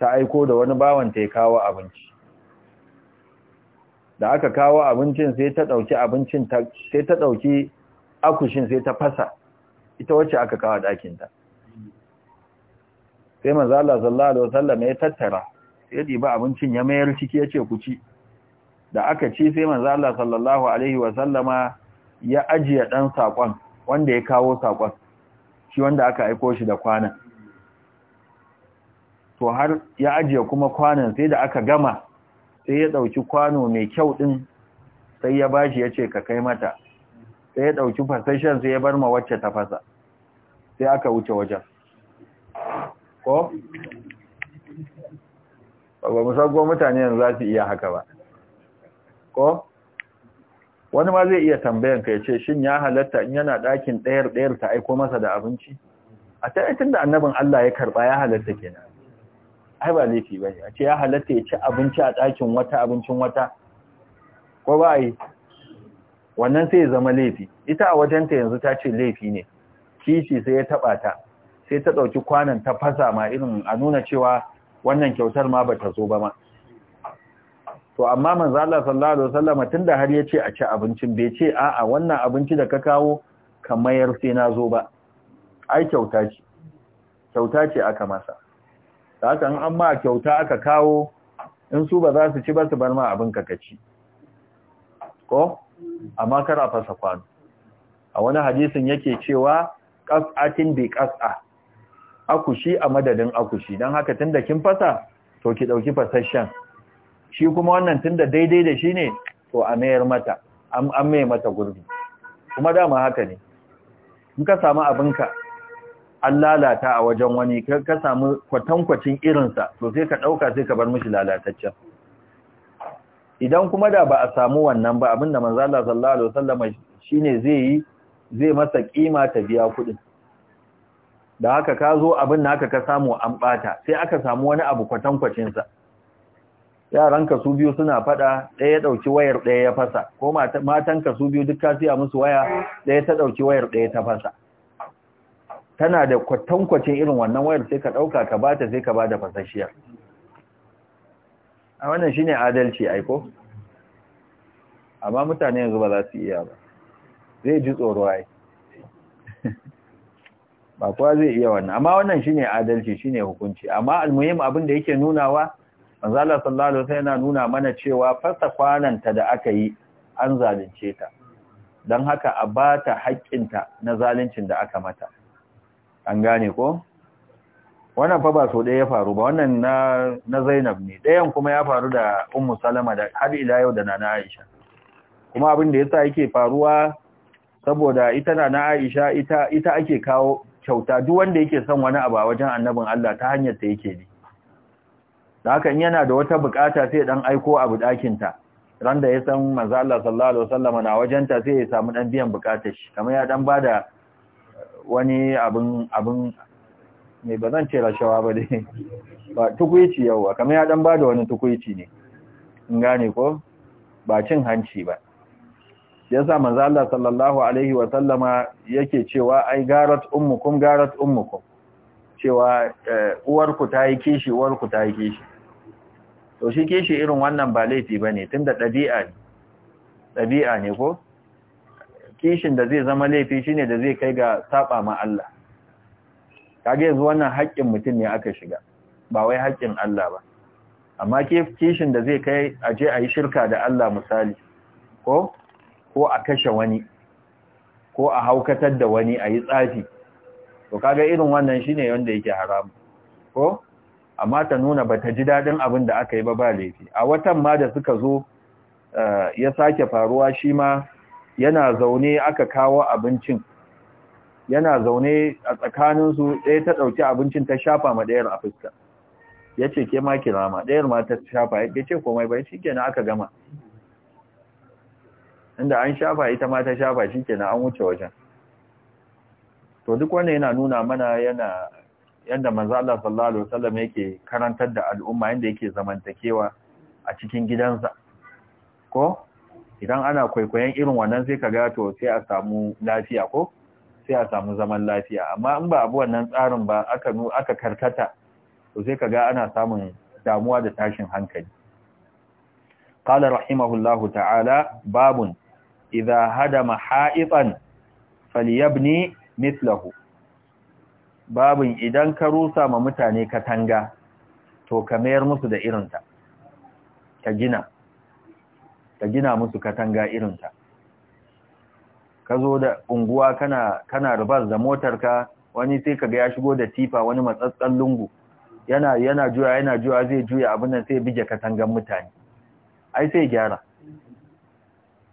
ta aiko da wani bawan ta ya kawo abinci da aka kawo abincin sai ta ɗauki abincin sai ta dauki akushin sai ta fasa ita wacce aka kawo ɗakinta ta sai manzo Allah sallallahu alaihi wasallam ya tattara ya ɗiba abincin ya mayar ciki yace ku ci da aka ci sai manzo Allah sallallahu alaihi wasallama ya ajiye dan sakon wanda ya kawo sakon shi wanda aka aika shi da kwana to har ya ajiye kuma kwanan sai da aka gama sai ya ɗauki kwano mai kyau ɗin, sai ya bashi yace ka kai mata sai ya ɗauki fasashen sai ya bar ma wacce ta fasa sai aka wuce wajen ko ba musaggo mutane yanzu za su iya haka ba ko wani ma zai iya tambayan ka ce shin ya halatta in yana ɗakin ɗayar ɗayar ta aiko masa da abinci a tun da annabin Allah ya karɓa ya halatta kenan ai ba laifi bane a ce ya halatta ya ci abinci a ɗakin wata abincin wata ko ba yi wannan sai ya zama laifi ita a wajenta yanzu ta ce laifi ne kishi sai ya taɓa ta sai ta ɗauki kwanan ta fasa ma irin a nuna cewa wannan kyautar ma ba ta zo ba ma to amma manzala Allah sallallahu alaihi wasallam tunda har ya ce a ci abincin bai ce a wannan abinci da ka kawo ka mayar sai na zo ba ai kyauta ce kyauta ce aka masa haka in an ma kyauta aka kawo in su ba za su ci ba su bar ma abin ka kaci ko amma kar a fasa kwano a wani hadisin yake cewa qas'atin bi ƙas'a. akushi a madadin akushi don haka tunda kin fasa to ki ɗauki fasashen shi kuma wannan tunda daidai da shi ne to a mayar mata an mai mata gurbi kuma dama haka ne in ka samu abinka an lalata a wajen wani ka samu kwatankwacin irinsa to sai ka ɗauka sai ka bar mishi lalataccen idan kuma da ba a samu wannan ba abinda manzala sallallahu alaihi wasallam shine zai yi zai masa kima ta biya kuɗin da haka ka zo abin naka ka samu an ɓata sai aka samu wani abu sa. yaranka su biyu suna faɗa ɗaya ya ɗauki wayar ɗaya ya fasa ko matanka su biyu duk ka siya musu waya ɗaya ta ɗauki wayar ɗaya ta fasa tana da kwatankwacin irin wannan wayar sai ka ɗauka ka bata sai ka bada fasashiyar a wannan shine adalci aiko amma mutane yanzu ba za su iya ba zai ji tsoro ai ba kowa zai iya wannan amma wannan shine adalci shine hukunci amma almuhim abin da yake nunawa manzo Allah sallallahu alaihi wasallam yana nuna mana cewa fasa kwananta da aka yi an zalunce ta don haka a ba ta haƙƙinta na zaluncin da aka mata an gane ko wannan fa ba so ɗaya ya faru ba wannan na zainab ne ɗayan kuma ya faru da ummu salama da har ila yau da nana aisha kuma abin da yasa yake faruwa saboda ita nana aisha ita ita ake kawo kyauta duk wanda yake son wani abu a wajen annabin Allah ta hanyar ta yake ne da hakan yana da wata bukata sai dan aiko abu dakin ta ran da ya san manzo Allah sallallahu alaihi wasallam na wajen ta sai ya samu dan biyan bukatar shi kamar ya dan bada wani abin abin ba bazan ce rashawa ba dai ba tukuici yawa kamar ya dan bada wani tukuici ne in gane ko ba cin hanci ba yasa manzo Allah sallallahu alaihi wa sallama yake cewa ai garat ummukum garat ummukum cewa eh, uwarku ta yi kishi uwarku ta yi kishi to shi kishi irin wannan ba laifi bane tunda dabi'a ne dabi'a ne ko kishin da zai zama laifi shine da zai kai ga saba ma Allah kage yanzu wannan haƙƙin mutum ne aka shiga ba wai haƙƙin Allah ba amma kishin da zai kai aje ayi shirka da Allah misali ko ko a kashe wani ko a haukatar da wani a yi tsafi to kaga irin wannan shine wanda yake haramu ko amma ta nuna ba ta ji daɗin abin da aka yi ba ba laifi a watan ma da suka zo eh, ya sake faruwa shi ma yana zaune aka kawo abincin yana zaune a tsakaninsu ɗaya ta ɗauki abincin ta shafa ma ɗayar a fuska ya ke ma kirama ɗayar ma ta shafa ya ce komai bai shi kenan aka gama inda an shafa ita ma ta shafa shi kenan an wuce wajen to duk wanda yana nuna mana yana yanda manzo Allah sallallahu alaihi wasallam yake karantar da al'umma inda yake zamantakewa a cikin gidansa ko idan ana kwaikwayon irin wannan sai kaga to sai a samu lafiya ko sai a samu zaman lafiya amma in ba abu wannan tsarin ba aka nu aka karkata to sai kaga ana samun damuwa da tashin hankali qala rahimahullahu ta'ala babun إذا هدم حائطا فليبني مثله باب idan ka rusa ma mutane katanga to ka mayar musu da كتنغا إرنتا kazo musu katanga zo da unguwa kana kana rubas da motarka wani sai kaga ya shigo da tifa wani matsatsan lungu yana yana juya yana juya zai juya abin nan sai bige katangan mutane ai sai gyara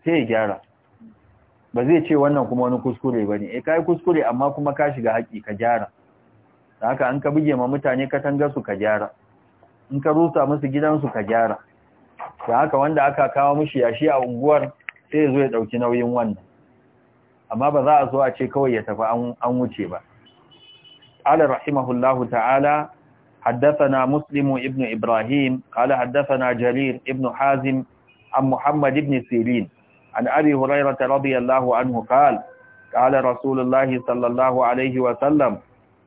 sai gyara ba zai ce wannan kuma wani kuskure ba ne e ka yi kuskure amma kuma ka shiga haƙi ka gyara da haka an ka buge ma mutane katanga su ka gyara in ka rusa musu gidansu ka gyara da haka wanda aka kawo mushi yashi a unguwar sai zo ya ɗauki nauyin wannan amma ba za a zo a ce kawai ya tafi an wuce ba قال رحمه الله تعالى حدثنا مسلم ابن إبراهيم قال حدثنا جرير ابن حازم عن محمد ابن سيرين عن أبي هريرة رضي الله عنه قال قال رسول الله صلى الله عليه وسلم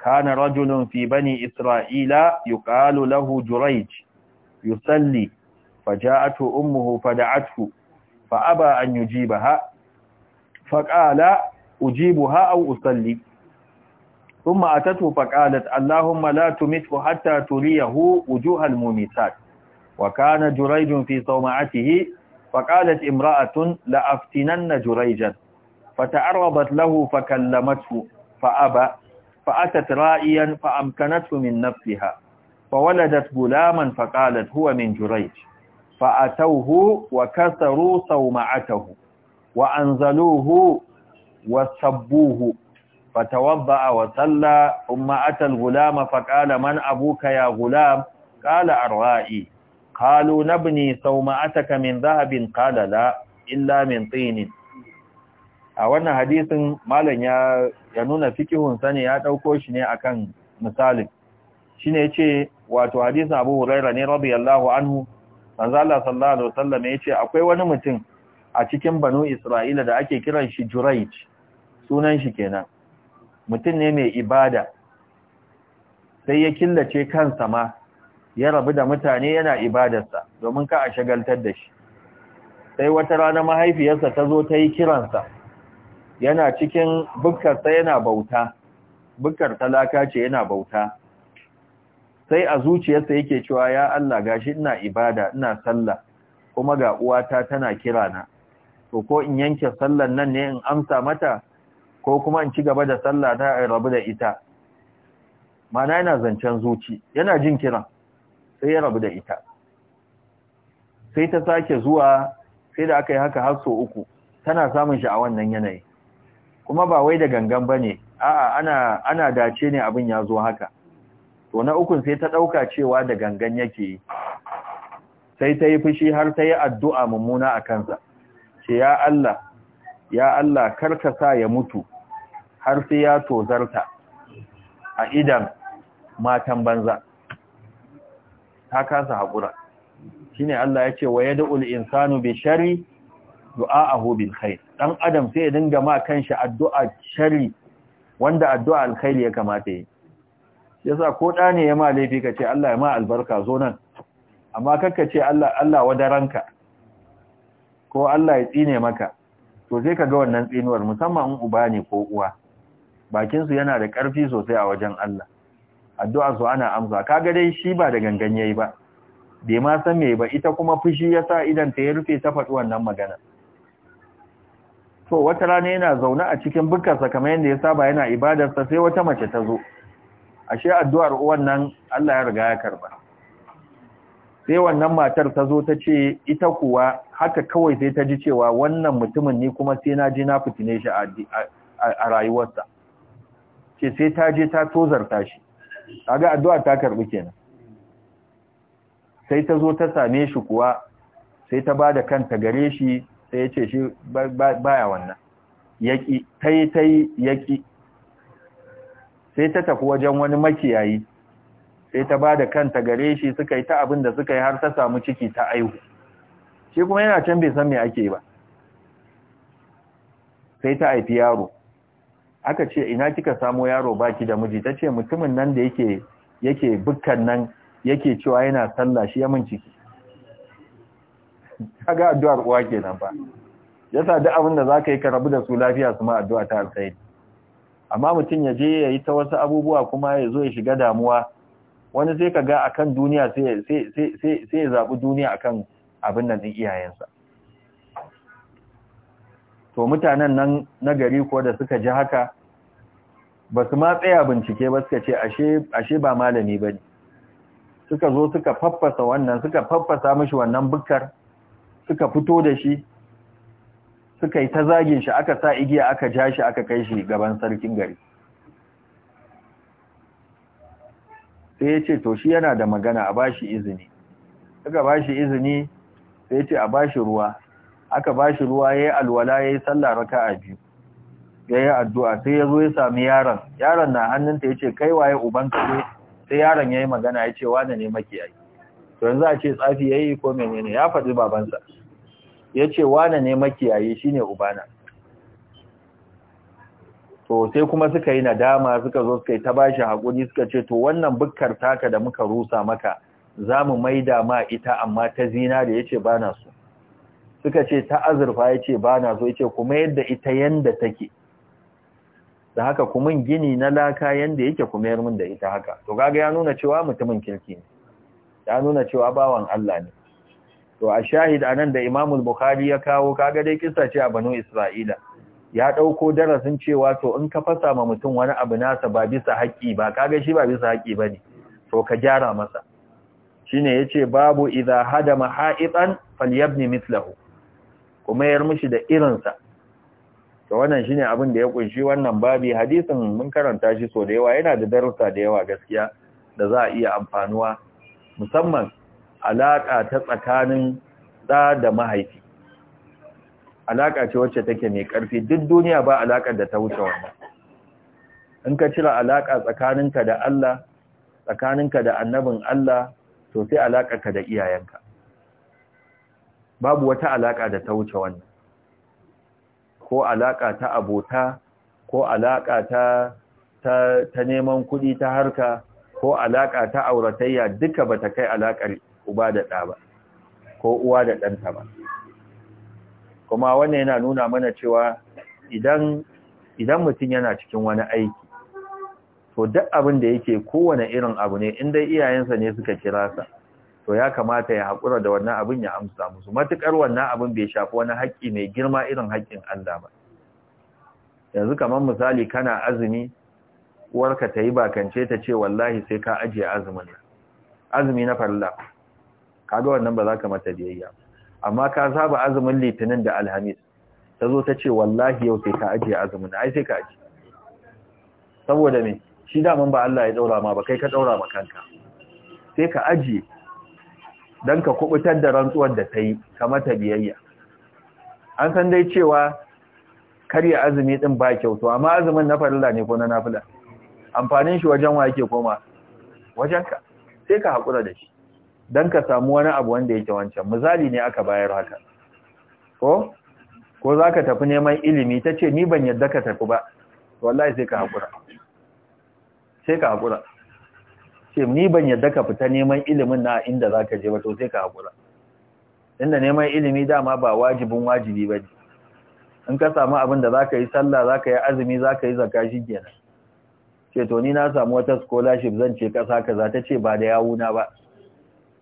كان رجل في بني إسرائيل يقال له جريج يصلي فجاءته أمه فدعته فأبى أن يجيبها فقال أجيبها أو أصلي ثم أتته فقالت اللهم لا تمته حتى تريه وجوه المميتات وكان جريج في صومعته فقالت امرأة لأفتنن جريجا فتعرضت له فكلمته فأبى فأتت رائيا فأمكنته من نفسها فولدت غلاما فقالت هو من جريج فأتوه وكسروا صومعته وأنزلوه وسبوه فتوضأ وصلى ثم أتى الغلام فقال من أبوك يا غلام قال الرائي قالوا نبني صومعتك من ذهب قال لا الا من طين a wannan hadisin malam ya ya nuna fikihun sani ya dauko shi ne akan misalin shine yace wato hadisin Abu Hurairah ne radiyallahu anhu manzo Allah sallallahu alaihi wasallam yace akwai wani mutum a cikin Banu Isra'ila da ake kiran shi Juraij sunan shi kenan mutum ne mai ibada sai ya killace kansa ma ya rabu da mutane yana ibadarsa domin ka a shagaltar da shi sai wata rana mahaifiyarsa ta zo ta yi kiransa yana cikin bukkarsa yana bauta bukkar talaka ce yana bauta sai a zuciyarsa yake cewa ya Allah gashi ina ibada ina sallah kuma ga uwata tana kirana to ko in yanke sallan nan ne in amsa mata ko kuma in ci gaba da sallah ta rabu da ita mana yana zancen zuci yana jin kiran sai ya rabu da ita sai ta sake zuwa sai da aka yi haka har so uku tana samun shi a wannan yanayi kuma ba wai da gangan bane a'a ana ana dace ne abin ya zo haka to na ukun sai ta ɗauka cewa da gangan yake yi sai ta yi fushi har ta yi addu'a mummuna a kansa ce ya Allah ya Allah karka sa ya mutu har sai ya tozarta a idan matan banza ta kasa haƙura shine Allah ya ce wa yad'ul insanu bi dua a bil kai? dan adam sai ya dinga ma kanshi addu'a shari wanda addu'a alkhairi ya kamata yi sa ko da ne ya ma laifi ka ce Allah ya ma albarka zo nan amma kakka ce Allah wa wadaranka ko Allah ya tsine maka to sai kaga wannan tsinuwar musamman in uba ne ko uwa Bakinsu yana da ƙarfi sosai a wajen Allah addu'a su ana amsa kaga dai shi ba da gangan yayi ba bai ma san me ba ita kuma fushi yasa idan ta ya rufe ta faɗi wannan magana to wata rana yana zaune a cikin bukkarsa kamar yadda ya saba yana ibadarsa sai wata mace ta zo ashe addu'ar uwan nan Allah ya riga ya karba sai wannan matar ta zo ta ce ita kuwa haka kawai sai ta ji cewa wannan mutumin ni kuma sai na ji na fitine shi a rayuwarsa ce sai ta je ta tozarta shi kaga addu'a ta karbi kenan sai ta zo ta same shi kuwa sai ta bada kanta gare shi sai ya ce shi baya wannan yaki tai tai yaki sai ta tafi wajen wani makiyayi sai ta bada kanta gare shi suka yi ta abin da suka yi har ta samu ciki ta aihu shi kuma yana can bai san me ake ba sai ta haifi yaro aka ce ina kika samo yaro baki da miji tace mutumin nan da yake yake bukkan nan yake cewa yana sallah shi ya min ciki kaga addu'ar uwa kenan ba yasa duk abin da zaka yi ka rabu da su lafiya su ma addu'a ta alkhairi amma mutum ya je yayi ta wasu abubuwa kuma ya zo ya shiga damuwa wani sai ka ga akan duniya sai ya zaɓi duniya akan abin nan din iyayensa to mutanen nan na gari ko da suka ji haka ba su ma tsaya bincike ba suka ce ashe ba malami ba ne suka zo suka faffasa wannan suka faffasa mashi wannan bukkar suka fito da shi suka yi ta zagin shi aka sa igiya aka ja shi aka kai shi gaban sarkin gari sai ya ce to shi yana da magana a bashi izini suka bashi izini sai ya ce a bashi ruwa aka bashi ruwa yayi alwala yayi sallah raka'a biyu yayi addu'a sai yazo ya sami yaron yaron na hannunta yace kai waye ubanka ne sai yaron yayi magana yace wane ne makiyayi to yanzu a ce tsafi yayi ko menene ya faɗi babansa yace wane ne makiyayi shine ubana to sai kuma suka yi nadama suka zo suka yi ta bashi hakuri suka ce to wannan bukkar taka da muka rusa maka za mu maida ma ita amma ta zinare yace bana so suka ce ta azurfa ya ce ba na so ya ce kuma yadda ita yanda take da haka kuma gini na laka yanda yake kuma yar mun da ita haka to kaga ya nuna cewa mutumin kirki ne ya nuna cewa bawan Allah ne to a shahid anan da Imam al-Bukhari ya kawo kaga dai kissa ce a Banu Isra'ila ya dauko darasin cewa to in ka fasa ma mutum wani abu nasa ba bisa haƙi ba kaga shi ba bisa haƙi bane to ka gyara masa shine yace babu idza hadama ha'itan falyabni mithlahu kuma yar mishi da irinsa to wannan shine abin da ya kunshi wannan babi hadisin mun karanta shi so da yawa yana da darussa da yawa gaskiya da za a iya amfanuwa musamman alaka ta tsakanin da da mahaifi alaka ce wacce take mai karfi duk duniya ba alakar da ta wuce wannan in ka cire alaka tsakaninka da Allah tsakaninka da annabin Allah to sai alakarka da iyayenka babu wata alaka da ta wuce wannan ko alaka ta abota ko alaka ta ta, neman kuɗi ta harka ko alaka ta auratayya duka bata kai alakar uba da ɗa ba ko uwa da ɗanta ba kuma wannan yana nuna mana cewa idan idan mutum yana cikin wani aiki to duk abin da yake kowane irin abu ne in dai iyayensa ne suka kira sa to ya kamata ya haƙura da wannan abin ya amsa musu matuƙar wannan abin bai shafi wani haƙƙi mai girma irin haƙƙin Allah ba yanzu kamar misali kana azumi uwarka ta yi bakance ta ce wallahi sai ka ajiye azumin nan azumi na farilla kaga wannan ba za ka mata biyayya amma ka saba azumin litinin da alhamis ta zo ta ce wallahi yau sai ka ajiye azumin ai sai ka ajiye saboda me shi daman ba Allah ya daura ma ba kai ka daura ma kanka sai ka ajiye Dan ka kubutar da rantsuwar da ta yi kamata biyayya an san dai cewa karya azumi din ba kyautu amma azumin na farilla ne ko na nafila amfanin shi wajen wa yake koma Wajen ka? sai ka haƙura da shi don ka samu wani abu wanda yake wancan misali ne aka bayar haka ko ko za ka tafi neman ilimi ta ce ni ban yarda ka tafi ba wallahi sai ka haƙura sai ka haƙura ce ni ban yadda ka fita neman ilimin na inda za ka je ba to sai ka haƙura inda neman ilimi dama ba wajibin wajibi ba in ka samu abin da za ka yi sallah za ka yi azumi za ka yi zaka shi kenan ce to ni na samu wata scholarship zan ce ƙasa kaza ta ce ba da yawuna ba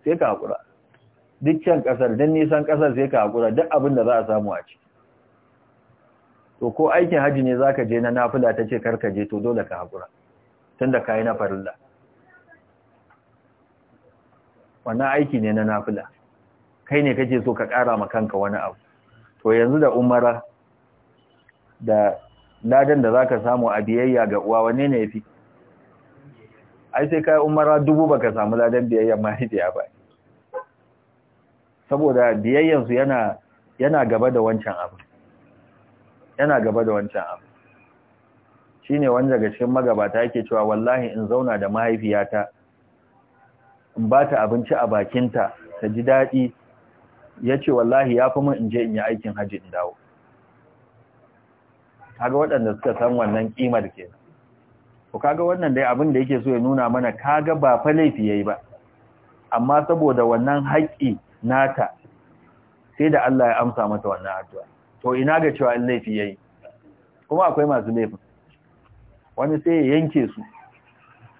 sai ka haƙura duk can ƙasar don nisan ƙasar sai ka haƙura duk abin da za a samu a ciki to ko aikin hajji ne za ka je na nafila ta ce kar ka je to dole ka hakura tunda kayi na farilla wannan aiki ne na nafila kai ne kake so ka ƙara ma kanka wani abu to yanzu da umara da ladan da zaka samu a biyayya ga uwa wanne ne yafi ai sai kai umara dubu baka samu ladan biyayya mahaifiya ba saboda biyayyan su yana yana gaba da wancan abu yana gaba da wancan abu shine wanda daga cikin magabata yake cewa wallahi in zauna da mahaifiyata in ba ta abinci a bakinta ta ji daɗi ya ce wallahi ya fi mun in je in yi aikin hajji in dawo kaga waɗanda suka san wannan ƙimar ke ku kaga wannan dai abin da yake so ya nuna mana kaga ba fa laifi yayi ba amma saboda wannan haƙƙi nata sai da Allah ya amsa mata wannan addu'a to ina ga cewa in laifi yayi kuma akwai masu laifin wani sai ya yanke su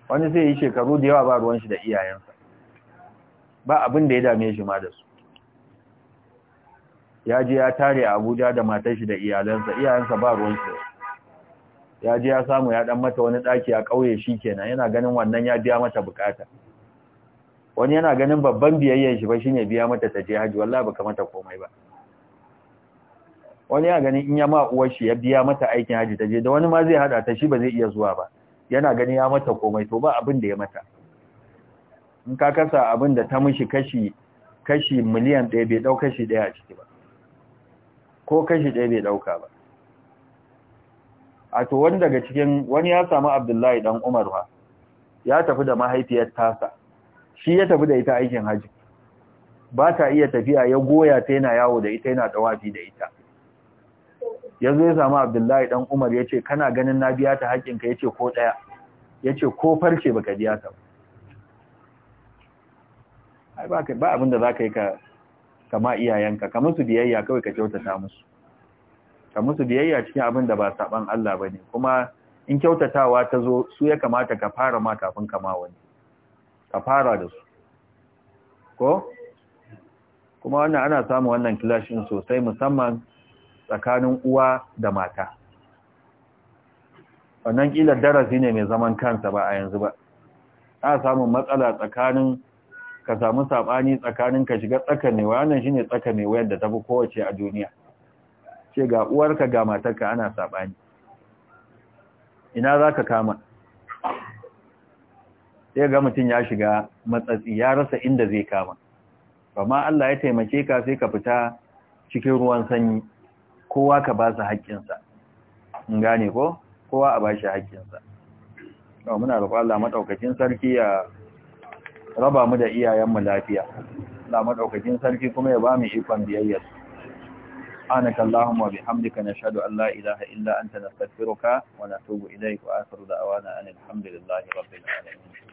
wani sai ya yi shekaru da yawa ba ruwan shi da iyayensa ba abin da ya dame shi ma da su ya je ya tare a abuja da matar shi da iyalansa iyayensa ba ruwansu ya je ya samu ya dan mata wani daki a kauye shi kenan yana ganin wannan ya biya mata bukata wani yana ganin babban biyayyen shi ba shine biya mata ta je haji wallahi baka mata komai ba wani ya ganin in ya ma uwar shi ya biya mata aikin haji ta je da wani ma zai hada ta shi ba zai iya zuwa ba yana gani ya mata komai to ba abin da ya mata in ka kasa abin da ta mishi kashi kashi miliyan ɗaya bai dauka kashi ɗaya a ciki ba ko kashi ɗaya bai ɗauka ba a to wani daga cikin wani ya samu abdullahi dan umar ba ya tafi da mahaifiyar tasa shi ya tafi da ita aikin hajji ba ta iya tafiya ya goya ta yana yawo da ita yana dawafi da ita yanzu ya samu abdullahi dan umar ya ce kana ganin na biya ta haƙƙinka ya ce ko ɗaya ya ce ko farce baka biya ta ba ai ba ka ba abin da zaka yi ka kama iyayenka ka musu biyayya kawai ka kyautata musu ka musu biyayya cikin abin da ba saban Allah bane kuma in kyautatawa ta zo su ya kamata ka fara ma kafin kama wani ka fara da su ko kuma wannan ana samun wannan clashin sosai musamman tsakanin uwa da mata wannan kila darasi ne mai zaman kansa ba a yanzu ba ana samun matsala tsakanin ka samu sabani tsakanin ka shiga tsaka mai wannan shine tsaka mai wayar da tafi kowace a duniya ce ga uwarka ga matarka ana sabani ina zaka kama sai ga mutum ya shiga matsatsi ya rasa inda zai kama amma Allah ya taimake ka sai ka fita cikin ruwan sanyi kowa ka ba su haƙƙinsa in gane ko kowa a ba shi haƙƙinsa muna roƙon Allah madaukakin sarki ya raba mu da iyayenmu lafiya la madaukakin sarki kuma ya bamu ikon biyayya anak allahumma bihamdika nashhadu an la ilaha illa anta nastaghfiruka wa natubu ilayka wa asru da'wana alhamdulillahi rabbil alamin